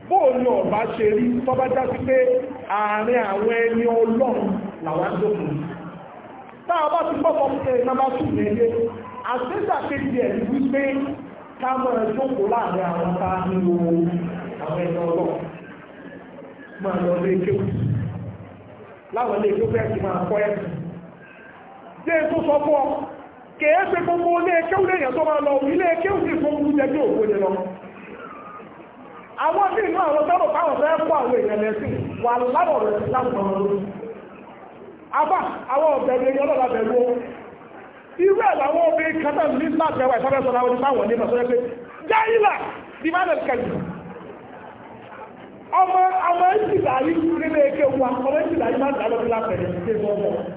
bóò ní ọ̀bá ṣe rí tọ́bá já sí pé àárín àwọn ẹni ọlọ́run làwọn jókòó táà bá ti gbọ́ sọ́kùnrin ẹ̀ nàbá sùn léyé àṣẹ́jà kejì ẹ̀ ní wípé ká máa jókòó láàrin àwọn tá a nílò àwọn ẹni ọlọ́run máa lọ lé kéwù láwọn ilé kéwù ẹ̀ ti máa kọ́ ẹ̀sìn jẹ́ tó sọ fún ọ gbogbo ilé ẹkẹ́ ilé èèyàn tó máa lọ ilé ẹkẹ́ òsì fún ogun jẹ́ bí òkú ni àwọn sí inú àwọn tọ́rọ káwọn fẹ́ kọ́ àwọn èèyàn lẹ́sìn wà lábọ̀ rẹ̀ láwọn ọmọ lórí abá àwọn ọ̀bẹ̀rù èèyàn irú ẹ̀ làwọn kátà ní sọ láwọn ní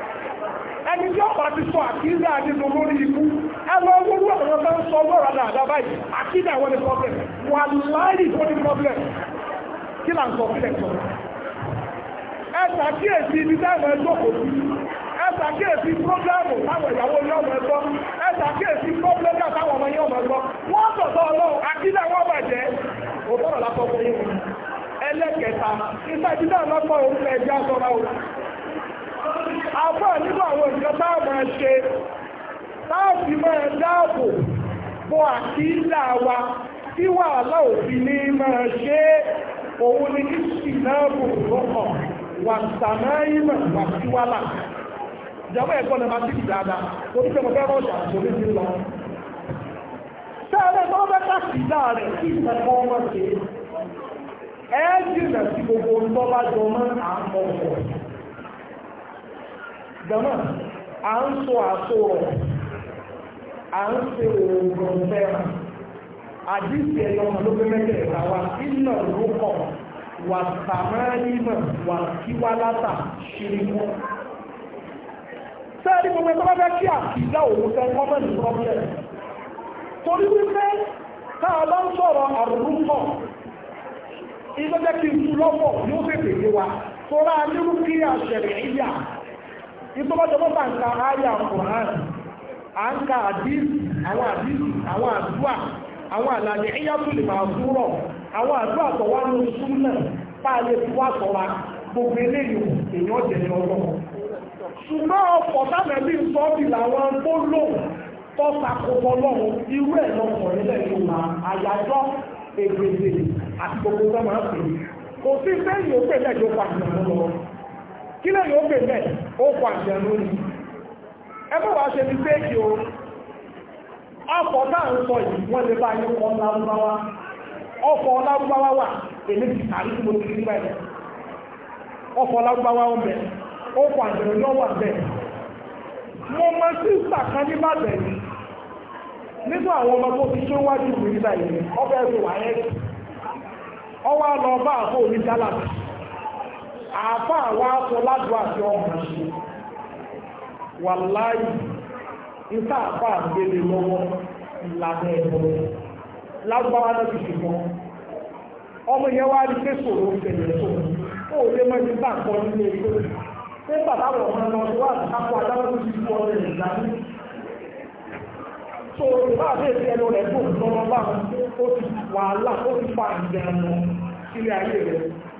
ẹni tí ọ̀pá ti sọ àkíńdà nínú lórí ikú ọ̀rọ̀ ń sọ lọ́rọ̀ báyìí ni problem wà láàyè wọn ni problem kí là ń sọ fílẹ̀ sọ. ẹ ṣàkíyèsí ibi táwọn ẹjọ́ kò sí ẹ ṣàkíyèsí pọ́blẹ́mù táwọn ìyàwó yọ ọmọ ẹgbọ́ ẹ ṣàkíyèsí pọ́blẹ́mù táwọn ọmọ ọmọ ẹgbọ́ wọ́n sọ̀tọ̀ ọlọ́run bàjẹ́ lásán fún yín ẹlẹ́kẹta afọ́ nínú àwọn nǹkan tá a máa ṣe láti máa dáàbò bo àkíńdà wa tí wàhálà òfin ní máa ṣe òun ni kìsì náà bò lọ́kọ̀ wà sàmáìmọ̀ wà síwálà ìjọba ẹ̀kọ́ ni máa tìbì dáadáa tó ní pẹ̀lú fẹ́ràn ọ̀ṣà tó ní sí lọ. sẹ́ẹ̀rẹ́ tó bẹ́ kàkíńdà rẹ̀ kí ìfẹ́kọ́ ọmọ ṣe é jìnà sí gbogbo ń tọ́ bá jọ mọ́ àmọ́ ọ̀pọ̀ jama à ń sọ àsọ̀rọ̀ à ń ṣe oògùn fẹ́ràn àdìsí ẹ̀yọ́ ọmọ ló fẹ́ mẹ́tẹ̀ẹ̀ta wa iná ló kọ̀ wà sàmáyìmọ̀ wà kíwálátà ṣíríkú sẹ́ẹ̀rí gbogbo ẹgbẹ́ bá fẹ́ kí àkìdá òun fẹ́ gọ́ọ̀mẹ̀ntì problem torí wípé tá a bá ń sọ̀rọ̀ àrùrùkọ̀ ilé jẹ́ kí n tú lọ́pọ̀ yóò fèfèé wa tó rá nírú àṣẹ̀rẹ̀ ìyá ìtọ́bọ́jọ́ mọ́ta ń ka àyà Kùrán a ka àdíìsì àwọn àwọn àdúà àwọn àlàyé ìyàtò lè máa fúrọ̀ àwọn àdúà tó wá ní oṣù náà lè fi wá gbogbo eléyìí èèyàn jẹ̀ ní ṣùgbọ́n ọkọ̀ tánàbí sọ́ọ̀bì làwọn gbólóhùn tó irú ẹ̀ àyájọ́ àti gbogbo kò sí sẹ́yìn lẹ́jọ́ pàṣẹ kí lẹ́yìn ó pèmẹ́ ó kọ àjẹ̀nú ẹgbẹ́ wàá ṣe ní o ọkọ̀ táà ń sọ yìí wọ́n lè bá yí kọ́ lárúbáwá ọkọ̀ lárúbáwá wà èmi ti tí mo ti rí ọkọ̀ lárúbáwá ń bẹ ó kọ àjẹ̀nú ni ó wà bẹ́ẹ̀ mo mọ sísà kan ní bàbẹ̀ yìí nígbà àwọn ọmọ tó ti tó wájú yìí ọbẹ̀ ẹ̀rù wà ọwọ́ àlọ́ bá àáfà àwọn aṣọ ládùú àti ọmọ ṣe wà láì níta àgbélé lọ́wọ́ ìlànà lágbára náà ti ṣùgbọ́n ọmọ yẹn wá rí pé sòrò ìṣẹ̀lẹ̀ tó ó lé mọ́ ní nílé ẹgbẹ́ pé bàbá ọmọ wà lápò tó ti fọ́ ní. tó o ẹnu rẹ̀ tó ń lọ́wọ́ bá ó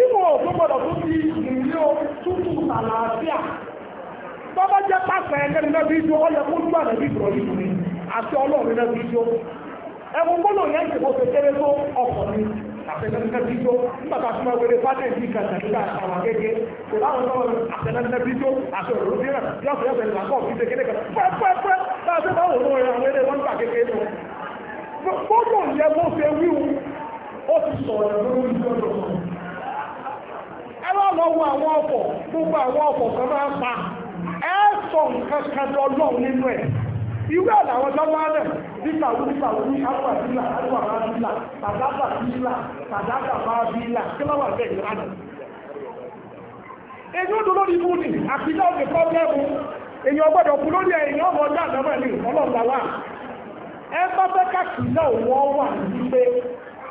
ìwọ̀n tó gbọ́dọ̀ tó fi ìrírí o tútù àlàáfíà bọ́ bá jẹ́ pàṣẹ ẹgbẹ́ni náà bí ijó ọyọ kó gbà náà bí ìgbọ̀ yìí ni àti ọlọ́run náà bí ijó ẹ̀wọ̀n gbọ́dọ̀ yẹn ti bọ́sẹ̀ kéré tó ọkọ̀ ni àtẹnẹ́ni náà ijó nígbà tá a fi máa wéré fájẹ́ ìdí kàtà nígbà àwọn akẹ́kẹ́ kò láwọn náà àtẹnẹ́ni náà bí ijó àti òróró bí náà yọ̀ọ̀fẹ́ yọ̀ọ̀fẹ́ làkọ́ fi ṣe kéré a ṣe bá òun rẹ̀ àwọn eré wọn gbà kékeré lọ gbọ́dọ̀ yẹ bó ṣe wíwu aláwọ̀ àwọn ọ̀fọ̀ gbogbo àwọn ọ̀fọ̀ kan máa ń pa ẹ nǹkan kan jọ lọ́ọ̀ nínú ẹ̀ ìwé àlàwọn lọ́wọ́lẹ̀ nípa àwọn nípa àwọn ní àgbàdìlà àgbàdìlà tàdágbà bílà tàdágbà máa bílà kí lọ́wọ́ èyí ó ni èyàn gbọ́dọ̀ kú lórí ẹ̀yìn ọmọ ọjọ́ àdámọ̀ ní ọlọ́ọ̀lá wa ẹ bá fẹ́ káàkiri náà wọ́n wà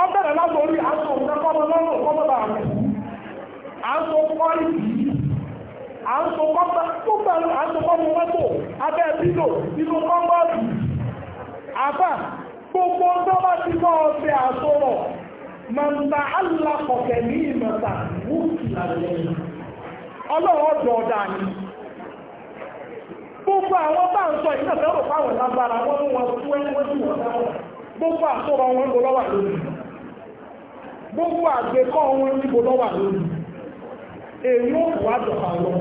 ọ bẹ̀rẹ̀ látòrí aṣọ òkúta lọ́rùn kọ́mọ́lá rẹ̀ aṣọ kọ́ìtì aṣọ kọ́mọ́ tó bẹ̀rẹ̀ aṣọ kọ́mọ́ mọ́tò gbogbo ọjọ́bá ti kọ́ ọ̀sẹ̀ aṣọ rọ̀ mọ̀nà ni gbogbo àwọn bá ń sọ mú wọn gbogbo àgbẹ̀kọ́ wọn níbo lọ́wà lórí èyí ó wà dọ̀fà lọ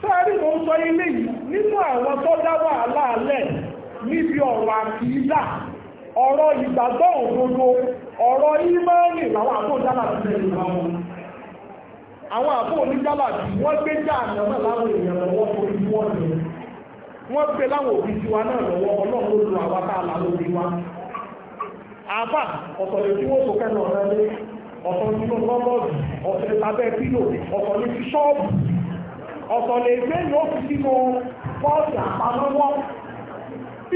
sẹ́ẹ̀rí mo ń sọ ilé yìí nínú àwọn tó dá wàhálà alẹ́ níbi ọ̀rọ̀ àkìídà ọ̀rọ̀ ìgbàgbọ́ òdodo ọ̀rọ̀ làwọn àbò jálà ti wọn àwọn àbò oníjálà wọ́n gbé náà láwọn èèyàn lọ́wọ́ àbá ọ̀tọ̀ lè tí wọ́n tó kẹ́nu ọ̀rẹ́ lé ọ̀tọ̀ nínú lọ́mọ́ọ̀dù ọ̀tọ̀ abẹ́ pílò ọ̀tọ̀ lè fi ṣọ́ọ̀bù ọ̀tọ̀ lè gbé ní ó fi sínú bọ́ọ̀sì àpamọ́wọ́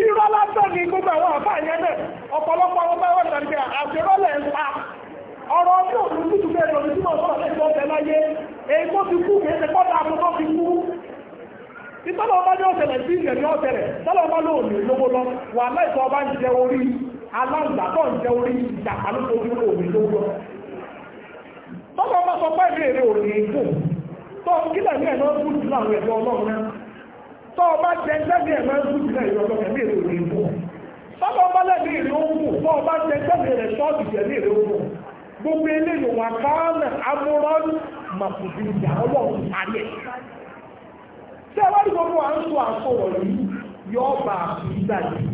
irọ́ lásán ni gbogbo àwọn àbá yẹn bẹ̀ ọ̀pọ̀lọpọ̀ àwọn bá wọ́n tàbí àfẹ́rọ́lẹ̀ ń pa ọ̀rọ̀ ní òun tútù bẹ́ẹ̀ lórí tí wọ́n sọ̀rọ̀ lẹ́sọ̀ ọ̀fẹ́ láyé èyí tó ti kú kìí ṣe pọ́ta àbúrò tó ti kú ìtọ́lọ́ ọba ní ọ̀sẹ̀lẹ̀ sí ìrẹ̀ ní ọ̀sẹ̀lẹ̀ tọ́lọ́ ọba lóòrùn lówó lọ wà láìsọ ọba ń jẹ orí aláǹgbà tó ń jẹ orí ìjàpá tó dúró òbí tó lọ tọ́lọ́ bá sọ pé èrè òní ìbò tó kílẹ̀ ní ẹ̀nà ọdún jù láwọn ẹ̀dọ́ ọlọ́run náà tó bá jẹ jẹ́bi ẹ̀nà ọdún jù ọlọ́run òní tó jẹ èrè gbogbo wà màkùdì ẹ gbogbo à ń yọ ọba àti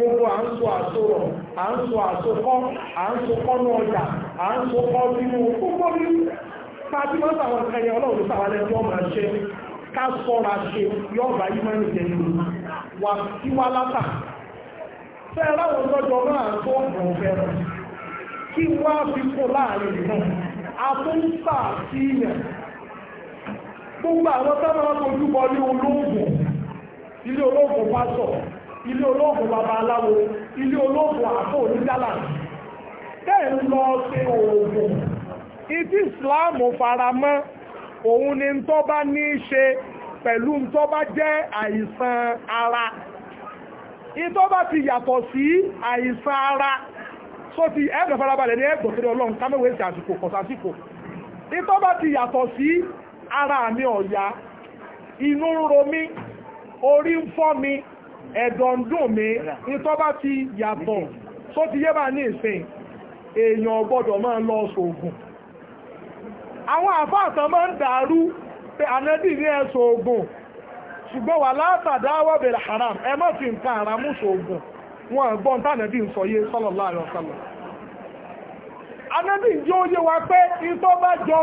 gbogbo à ń so a à ń so àsokọ́ à ń sokọ́ ní ọjà à ń sokọ́ nínú gbogbo bí pàtí wọ́n sàwọn kẹyẹ ọlọ́run sàwọn ẹni ọmọ ṣe ká sọ́ra ṣe yọba yìí máa ń jẹ ní wà sí látà fẹ́ láwọn lọ́jọ́ náà tó kí fi kó láàrin a sí ilé olóògùn bàbá aláwo ilé olóògùn àtò onídàlà tẹ́ ń lọ ṣe oògùn ìdí ìsìláàmù faramọ́ òun ni tó bá ní í ṣe pẹ̀lú tó bá jẹ́ àìsàn ara ìtọ́ bá ti yàtọ̀ sí àìsàn ara tó ti ẹ̀rọ farabalẹ̀ ní ẹgbọ̀n tó lọ́n kámẹ́wé sí àsìkò kọ̀sásìkò ìtọ́ bá ti yàtọ̀ sí ara mi ọ̀yá inú ń ro mi orí ń fọ́ mi ẹ̀dọ̀ ń dùn ti yàtọ̀ tó ti yé bá ní ìsìn èèyàn gbọ́dọ̀ máa lọ sóògùn àwọn àfáàtàn máa ń dàrú pé ànẹ́bì ní ogun, sóògùn ṣùgbọ́n wà látàdáwọ́ haram ẹ má fi nǹkan wọn gbọ́n ń sọ yé jẹ́ wa pé ìtọ́ bá jọ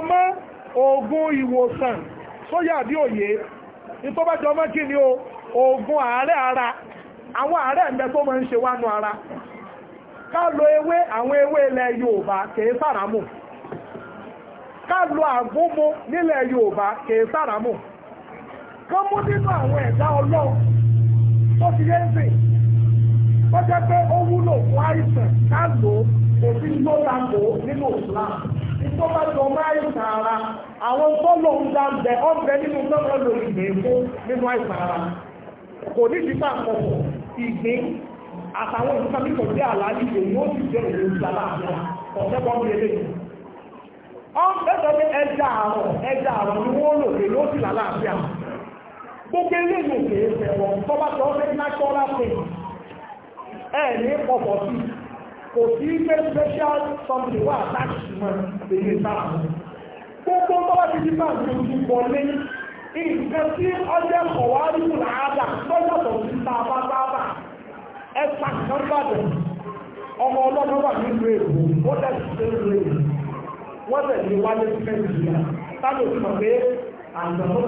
mọ́ o ogun ààrẹ ara àwọn ààrẹ ẹ̀mẹ tó mọ́ ṣe wánú ara ká lo ewé àwọn ewé ilẹ̀ Yorùbá kèé sàràmù ká lo àgúnmu nílẹ̀ Yorùbá kèé sàràmù kán mú nínú àwọn ẹ̀dá Ọlọ́run tó ti yé jẹ́ pé ó wúlò fún àìsàn ká lò ó nínú tó bá jọ kò ní ti bá àpọ̀pọ̀ ìgbín àtàwọn ìfúnka mi pẹ̀lú àlàájì èyí ó sì jẹ́ ìlú ìjàlá àbúrà ọ̀sẹ̀ bọ́ mi eléyìí. ọ́n bẹ́sẹ̀ pé ẹja àrọ̀ ẹja àrọ̀ ni wọ́n lò lè ló sì lálá àbíà. gbogbo eléyìí ò kéé fẹ́ wọn tó bá tọ́ sí náṣọ́lá pé ẹ̀ ní pọ̀pọ̀ sí kò sí pé special something wà láti mọ èyí sáà gbogbo tó bá ti dín náà ti ń wọlé nǹkan tí ọjọ́ kọ̀wárí kù láàdà lọ́yọ̀tọ̀ sí sábà sábà ẹ̀ka kan bàbẹ̀ ọmọ ọlọ́dún wà nínú èkó ó tẹ̀sí sí ìlú èkó wọ́n tẹ̀ ní wáyé sí nàìjíríà tábí òfin mọ̀ pé gbogbo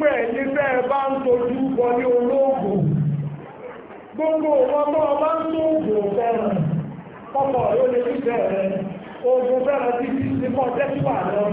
bẹ́ẹ̀ bá ń tojú bọ ní olóògùn gbogbo bá ń tó fẹ́ràn kọ́kọ́ lè fi fẹ́ràn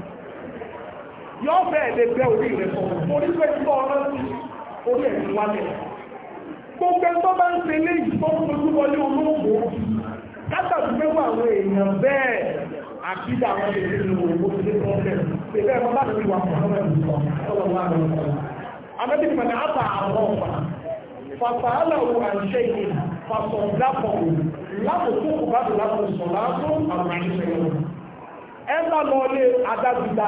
yọ́ bẹ́ẹ̀ lè bẹ́ orí rẹ̀ fọ́ orí pé tó ọ̀rọ̀ sí orí ẹ̀ wálẹ̀ gbogbo ẹ̀ tó bá ń ṣe lé ìfowópamọ́sí wọlé olóògbò látàdúgbò àwọn èèyàn bẹ́ẹ̀ àkídà àwọn èèyàn nínú owó ilé tó ń bẹ̀ pẹ̀lú ẹ̀rọ bá ti wà fún ọmọ ìlú ọlọ́wọ́ àwọn ọmọ amẹ́bí ni mọ̀nà àbà àwọn ọ̀pá fàtàlà òun àṣẹ yìí fàtọ̀ dápọ̀ lákòókò kò bá dùn lákòókò sọ̀ láàbò àwọn àṣẹ yìí ẹ bá lọ lé adágbígbá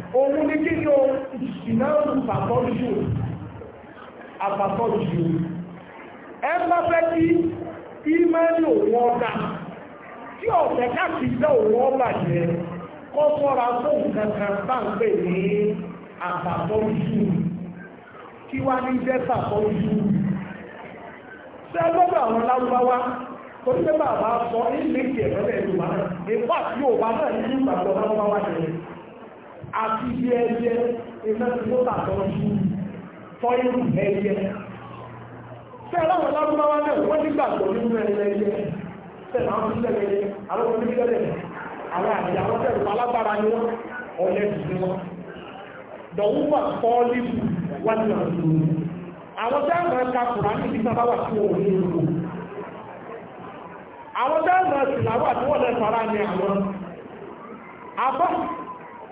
òun ní kí ni o ìnáwó pàtọ́jú àpàtọ́jú ẹ bá fẹ́ kí ìmẹ́lì òun ọ̀dà tí ọ̀fẹ́ káàkiri jẹ́ òun ọ̀bà jẹ́ kọ́ sọ́ra fún nǹkan kan bá ń pè ní àpàtọ́jú kí wá ní jẹ́ pàtọ́jú ṣé lọ́dọ̀ àwọn lárúbáwá torí pé bàbá sọ ní ìlú ìjẹ̀bẹ̀rẹ̀ ìlú wa ìfọ́ àti Yorùbá náà ní ìgbàgbọ́ lárúbáwá jẹ́ àti iná tí ó náà wọ́n ti gbàgbọ́ nínú ẹyẹ tẹ̀lé àwọn tó tẹ̀lé àwọn tó tẹ̀lé àwọn àwọn alágbára ni wọ́n ọ̀lẹ́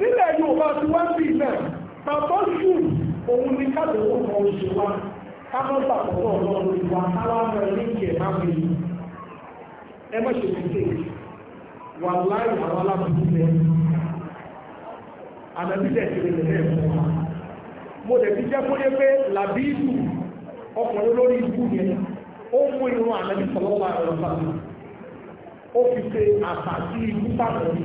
nílẹ̀ Yorùbá ti wá sí ilẹ̀ bàbá ṣù òun ni káàdùkù kan ṣe wá kámọ́tà pọ̀pọ̀ lọ́rùn ìwà aláwọ̀ ní ìjẹ̀ máa fi ẹ má ṣe fi tèè wà láì àwọn alábùkù lẹ àdàbíjẹ̀ ti lè lẹ́ẹ̀ fún wa mo dẹ̀ ti jẹ́ kó yẹ pé làbí ìlú ọkùnrin lórí ikú yẹn ó mú irun àdàbí sọ̀rọ̀ wà lọ́sàtà ó fi ṣe àtàkì ikú pàtàkì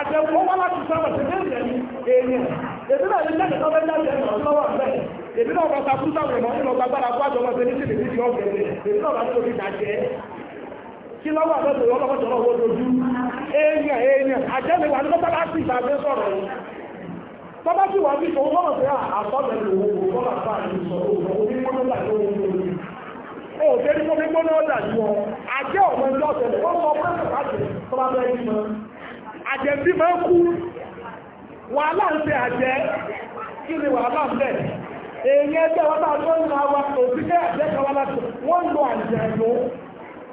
àjẹ̀wò wá láti sábà sí ní ìyẹn èèyàn èdè náà ní lẹ́yìn tó bẹ́ẹ̀ jáde ẹ̀rọ lọ́wọ́ bẹ́ẹ̀ èdè náà bá sakú sáwọn ẹ̀mọ́ nínú gbàgbára kó ní sílè ní ti èdè náà dàjẹ́ kí lọ́wọ́ lọ́wọ́ dojú èèyàn èèyàn wà tọ́bá sì wà ní tó bá bẹ́ẹ̀ àjẹ́ bí máa kú wàhálà ń àjẹ́ kí ni wàhálà ń èyí ẹgbẹ́ wọn bá tó ń ra wa òṣìṣẹ́ àjẹ́ kan láti wọ́n lo àjẹ́ lò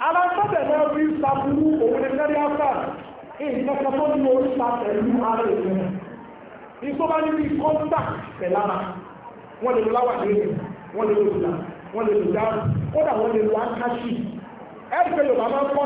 ara náà rí sàbúrú òun ní kẹ́rí áfà ní orí pẹ̀lú ara ìlú ìgbó bá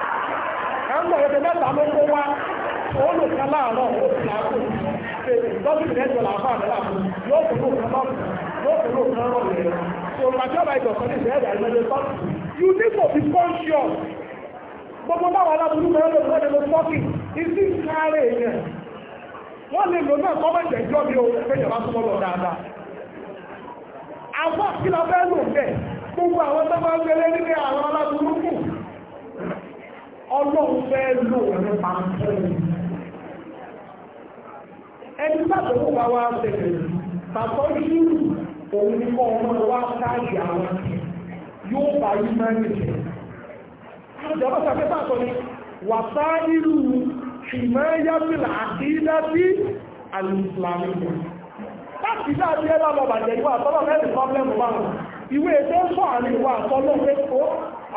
mọ̀ ẹ̀dẹ̀ mẹ́ta ló kó wá òun lò kan láàárọ̀ ó sì láàkó lọ́sùn mẹ́jọ làwọn àmì láàkó yóò kúrò kan lọ́sùn yóò kúrò kan rọ̀lẹ́ so màjọba ìjọsọ ní ìṣẹ́ ẹ̀dà ìmẹ́lẹ́ sọ́ọ̀tù you need to be conscious gbogbo báwọn aláburú mẹ́rin ló fẹ́ lọ sọ́ọ̀tì ìsì ń kárè yẹn wọ́n lè lò ọlọ́run fẹ́ lò ní pàǹpẹ́ ẹni pàtó kó bá wá ṣẹlẹ̀ pàtó yìí òun ní kọ́ ọmọ wa káàdì àwọn yóò bá yí máa ń jẹ ìjọba sàfẹ́ pàtó ni wàtá irú ìmọ̀ẹ́yàmìlà àti ìdájí àlùsùlámì láti dáadé ẹ̀rọ àbàbàjẹ́ ìwà àtọ́lọ́ mẹ́rin pọ́blẹ́mù báwọn ìwé ètò ń sọ ìwà kó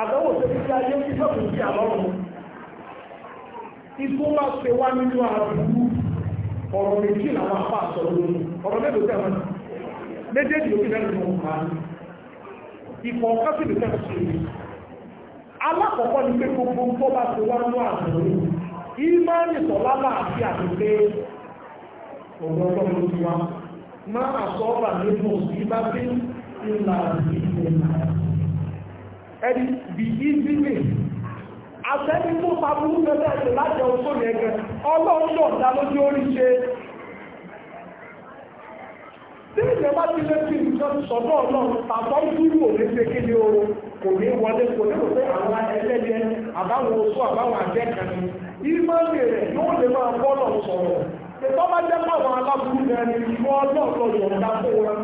àdánwò tó ti ayé tí sọ́kù sí àlọ́run ikú wá ṣe wá nínú àbúrú ọ̀rọ̀ méjì làwọn apá àṣọ lónìí ọ̀rọ̀ mélòó tẹ̀wọ́n méjèèjì ló fi lẹ́nu tó ń pa ìfọ̀ sí i alákọ̀ọ́kọ́ ni pé gbogbo tó bá wá nínú àbúrú àdúgbé ọlọ́run wá máa nínú ìbá ẹni bí ìzílẹ̀ àtẹ́ni tó pàbùrú pẹ̀lú ẹ̀sẹ̀ láti ọ̀tọ́ yẹ̀gẹ̀ ọlọ́ọ̀dọ̀ ọ̀dá lójú orí ṣe tí ìjẹ́ bá ti lé sí ìjọ sọ̀dọ̀ ọlọ́run tàbọ̀ ìdúró òní ṣe kí ni ooro kò ní wọlé kò ní àwọn àbáwọn oṣù àbáwọn ìmọ̀ yóò lè máa sọ̀rọ̀ Ìtọ́ bá jẹ́ pàwọn aláburú gẹ̀ẹ́ni ìwọ ọlọ́ọ̀tọ̀ yọ̀ǹda fún wọn,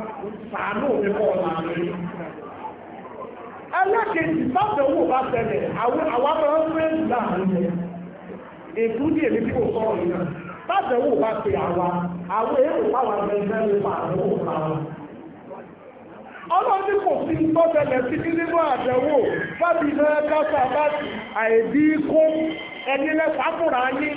sàánú mi kọ́ ọ̀nà mi. Ẹlẹ́kejì bábẹ̀ wò bá tẹ̀lẹ̀, àwọn ọmọ ẹgbẹ́ láàrin yẹn. Èkú ní èmi tí kò sọ ọ̀rọ̀ yẹn. Bábẹ̀ wò bá pe àwa, àwọn èrò báwa bẹ̀rẹ̀ nípa àwọn òkúta wọn. Ọlọ́run tí kò sí tó tẹ̀lẹ̀ sí ní nínú àdẹ̀wò, fábì náà kásà bá àìdí kó ẹni lẹ́fàá fúnra yín.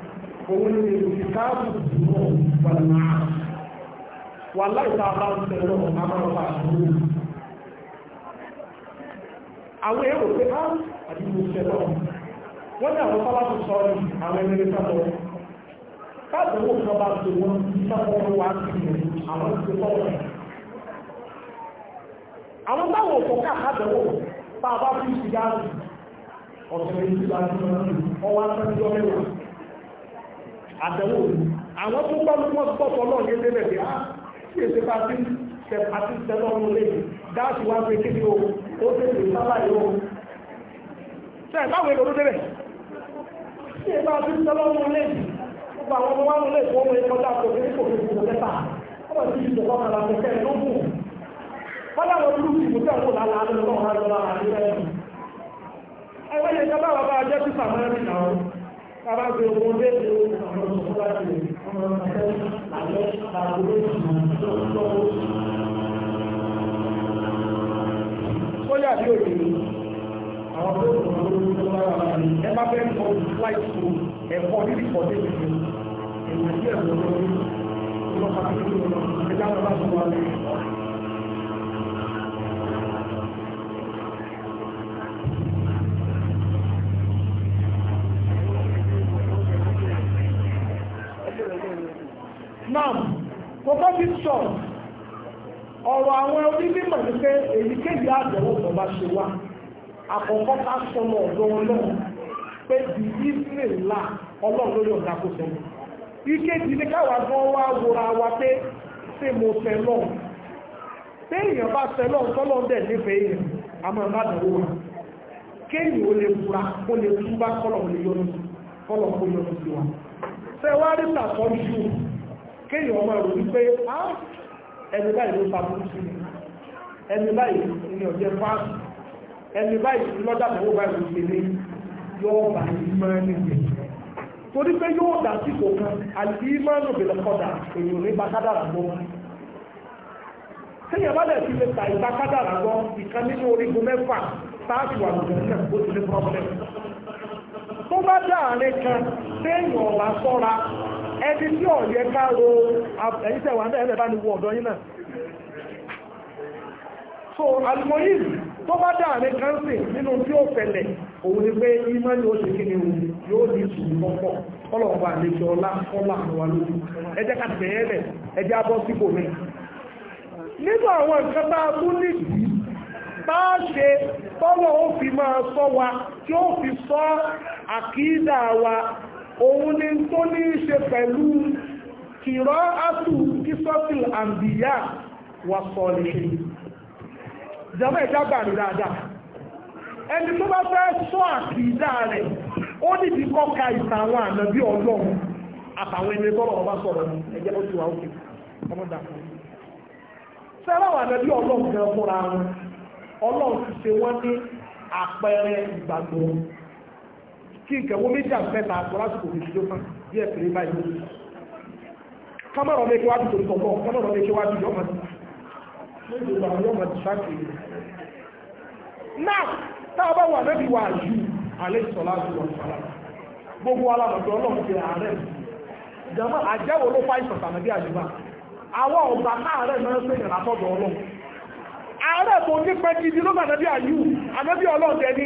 òun ni ìfikáàbù dùnú pẹ̀lú wà láìta bá ń tẹ̀lé ọ̀nà àmọ́lọ́pàá àdúgbò àwọn èrò pé á àdúgbò tẹ̀lé wọ́n ní àwọn sábà tó sọ ní àwọn ẹgbẹ́ sábọ̀ káàdì owó kan bá tó wọn sábọ̀ wọn wá sí ìlú àwọn tó tọ́ wọn àwọn táwọn òkò káàkiri owó tá a bá fi ṣìgá ọ̀sẹ̀ méjìlá ọwọ́ àtàkùn ọmọ àdánwò ni àwọn tó bá lọ́wọ́ gbọ́tọ̀ náà ní ẹgbẹ́ bẹ̀rẹ̀ á sí èsè bá ti tẹ àti tẹlọ ọmọ lẹ́yìn dáàsì wá pé kíni o ó tètè sábà yìí o sẹ́ẹ̀ báwọn èlò ló débẹ̀ sí èsè bá ti tẹlọ ọmọ lẹ́yìn gbogbo àwọn ọmọ wa ló lè fọwọ́ ẹ kọjá àpò kí kò fi kò lẹ́tà ọmọ tí ìjọ kọ́ kàrà kò kẹ́ẹ̀ ló mú kọ́lá wọn lù ìbò tẹ̀ kó lálẹ́ àdúgbò wọn lọ́wọ́ àdúgbò ẹ̀yìn ẹ̀wẹ́ yẹn kọ́ bá wà bá a jẹ́ sísà mọ́ bàbá fi owó dé ìlú àwọn ọmọ bá ti ọmọ ọmọ fẹ́ àlọ́ àbúrò ìṣòro ó yà bí òkè àwọn tó ń lò ó tó bá wà ní ẹ bá fẹ́ kọ́ flight to ẹ̀kọ́ nílì kọ́ dé ìlú èèyàn sí ẹ̀rọ lórí ọlọ́pàá tó ń lò ó ẹ̀dá wọn bá tó wà lẹ́yìn. mo fẹ́ fi sọ ọ̀rọ̀ àwọn onímọ̀ ní pé èyíkéyìí àbẹ̀wò tó bá ṣe wá àkọ́kọ́ ká sọmọ ọ̀dọ́ ọlọ́run pé di ìsìnlẹ̀ ńlá ọlọ́run lórí ọ̀gá kó sẹ́yìn ìkéjì ní káwà gan wá wòra wa pé ṣé mo fẹ́ lọ́run téèyàn bá fẹ́ lọ́run tọ́lọ́run dẹ̀ nífẹ̀ẹ́ èèyàn àmọ́ ìbá dàwó wa kéèyàn ó lè fura ó lè túbá kọ́lọ̀ ó lè yọnu kọ́lọ̀ ó yọnu sí wa fẹ́ wá kéèyàn ọmọ rò wípé ẹni báyìí ló sàbúrú sí mi ẹni báyìí ni ọ̀jẹ́ fáàsì ẹni báyìí lọ́dà mọ́wọ́ báyìí ló ṣe ní yóò bá ìmọ̀ ẹni gbè torí pé yóò dà sí kò kan àti ìmọ̀ ẹnu bèèrè kọ́dà èyí ò ní bá kádàrà gbọ́ kéèyàn bá dẹ̀ fi lè ta ìta kádàrà gbọ́ ìkan nínú orígun mẹ́fà sáàtì wà lùdẹ̀ náà ó ti ní pọ́blẹ̀ tó bá dáa ní kan téèyàn ọ̀la sọ́ra ẹni tí ò yẹ ká ro ẹ̀yìn bá ní wọ ọ̀dọ́ náà so alimoyi tó bá dáa ní kánsìn nínú tí ó fẹ̀lẹ̀ òun ni pé imá ni ó ṣe kí ni òun yóò di àlejò ọlá àwọn alójú ká tẹ̀yẹ́ nínú àwọn nǹkan bá mú nìdí bá ṣe tọ́lọ̀ ó fi máa sọ wa tí ó fi sọ òun ni tó ní í ṣe pẹ̀lú kìrọ́ àtù kísọ́tìl àǹbìyà wà sọ̀lẹ̀ ìjọba ìjábà rí dáadáa ẹni tó bá fẹ́ sọ àkìdá rẹ̀ ó nìdí kọ́ka ìtàwọn ànábí ọlọ́run àtàwọn ẹni tọ́lọ̀ ọba sọ̀rọ̀ ní ẹjẹ́ ó ti wà òkè ọmọdé àkọ́kọ́ sẹ́láwà ànábí ọlọ́run fẹ́ fúnra wọn ọlọ́run ti ṣe wọ́n ní àpẹẹrẹ ìgbàgbọ́ kí nǹkan wo méjì àpẹta àkọ́lásìkò fi ṣe fún bí ẹ̀ pèrè báyìí kámọ̀rọ̀ méjì wájú tó tọ̀ bọ́ kámọ̀rọ̀ méjì wájú yọ ọmọdé méjì wà yọ ọmọdé ṣáàkiri náà táwọn bá wà lẹ́bi wà yù alẹ́ ìsọ̀lá àti wọn sọ̀lá gbogbo alamọ̀dọ̀ ọlọ́run ti ààrẹ ìjàmọ́ àjẹ́wò ló fà ìsọ̀tà nàbí àjùbá àwọn ọ̀gbà káàrẹ̀ náà ń sèyàn látọ̀dọ̀ ọlọ́run ààrẹ tó ní pẹ́ gidi ló bà nàbí àyù ànábì ọlọ́run tẹ́ni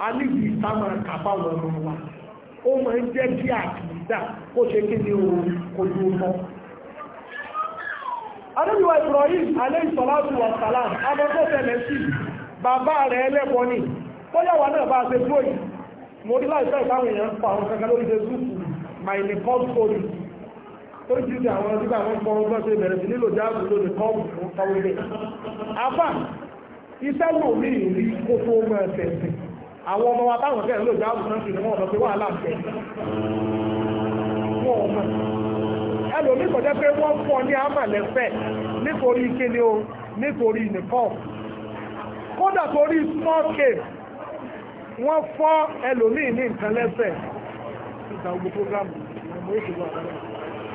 alíbi ìtàmà kàbá wọn wa ó máa ń wa salam sí bàbá rẹ̀ ẹlẹ́bọ ni náà bá a ṣe dúró yìí mo ní láì fẹ́ èèyàn pa àwọn kankan lórí Facebook my nepal story tó jí ti àwọn ọdún àwọn ọmọ ọmọ ṣe bẹ̀rẹ̀ sí nílò jáàbù ló lè àwọn ọmọ wa táwọn fẹ́ lò jáàbù náà sì ni wọ́n sọ pé wàhálà ń wọ́n mọ̀ ẹlòmí kò jẹ́ pé wọ́n fọ́ ní àmàlẹ́fẹ́ nítorí kíni o nítorí nìkan kódà torí small case wọ́n fọ́ ẹlòmí ní nǹkan lẹ́sẹ̀ ìgbà ogbó programu ọmọ ìṣòro àbálẹ̀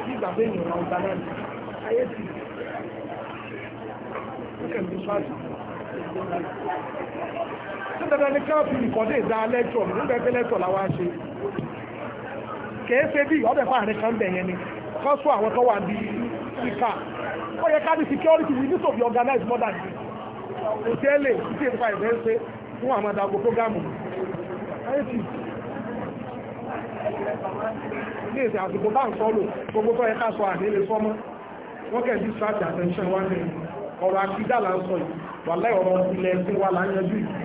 nígbà pé ìrìnà ọ̀gá ní ayé ti ó kẹ̀ tí dandan ní káàpì ìkọ́dé ìdá lẹ́tọ̀ nígbà pé lẹ́tọ̀ làwa ṣe kèé ṣe bí ọbẹ̀ fáàrin kan bẹ̀ yẹn ni kan sọ àwọn tó wà bí ìka ó yẹ ká ní security we need to be organized more than this òtẹ́lẹ̀ títí èdè fàyè fẹ́ ṣe fún àwọn àdàgbò prógámù ní èsì àsìkò bá ń sọ́lò gbogbo tó ẹka sọ àdílé sọ́mọ́ wọ́n kẹ́ distract attention wá ní ọ̀rọ̀ àkídà là ń sọ yìí wà láì ọ̀rọ̀ ilẹ̀ ẹ̀sìn wà láyẹjú yìí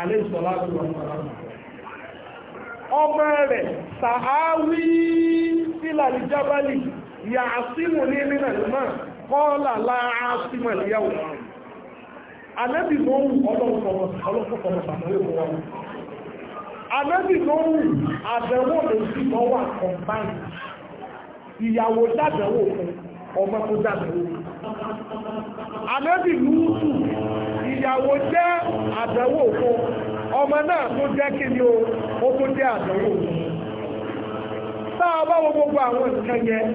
alẹ́ ìsọ̀lá ọmọ rẹ̀ sàáwí sílàlì jábálì yà á símù ní nínà lọ́mà kọ́ọ̀lá láàá símù ìyàwó anẹ́bì ló ń ọlọ́pọ̀pọ̀ sàmúlé fún wọn anẹ́bì ló ń àbẹ̀wò ọmọ tó dàbí ànábì lúùtù ìyàwó jẹ́ àdánwò fún ọmọ náà tó jẹ́ kí ni ó tó jẹ́ àdánwò táà bá wo gbogbo àwọn nǹkan yẹn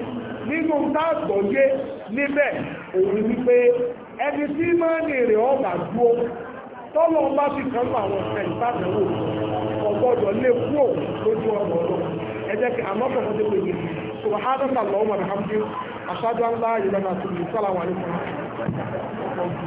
nínú táàgbọ́yé níbẹ̀ òun wípé ẹni tí máa ń ọgbà tọ́lọ́ bá fi lọ àwọn ọ̀sẹ̀ lè lójú kí subhanaka allahumma bihamdika ashhadu an la ilaha illa anta astaghfiruka wa atubu ilayk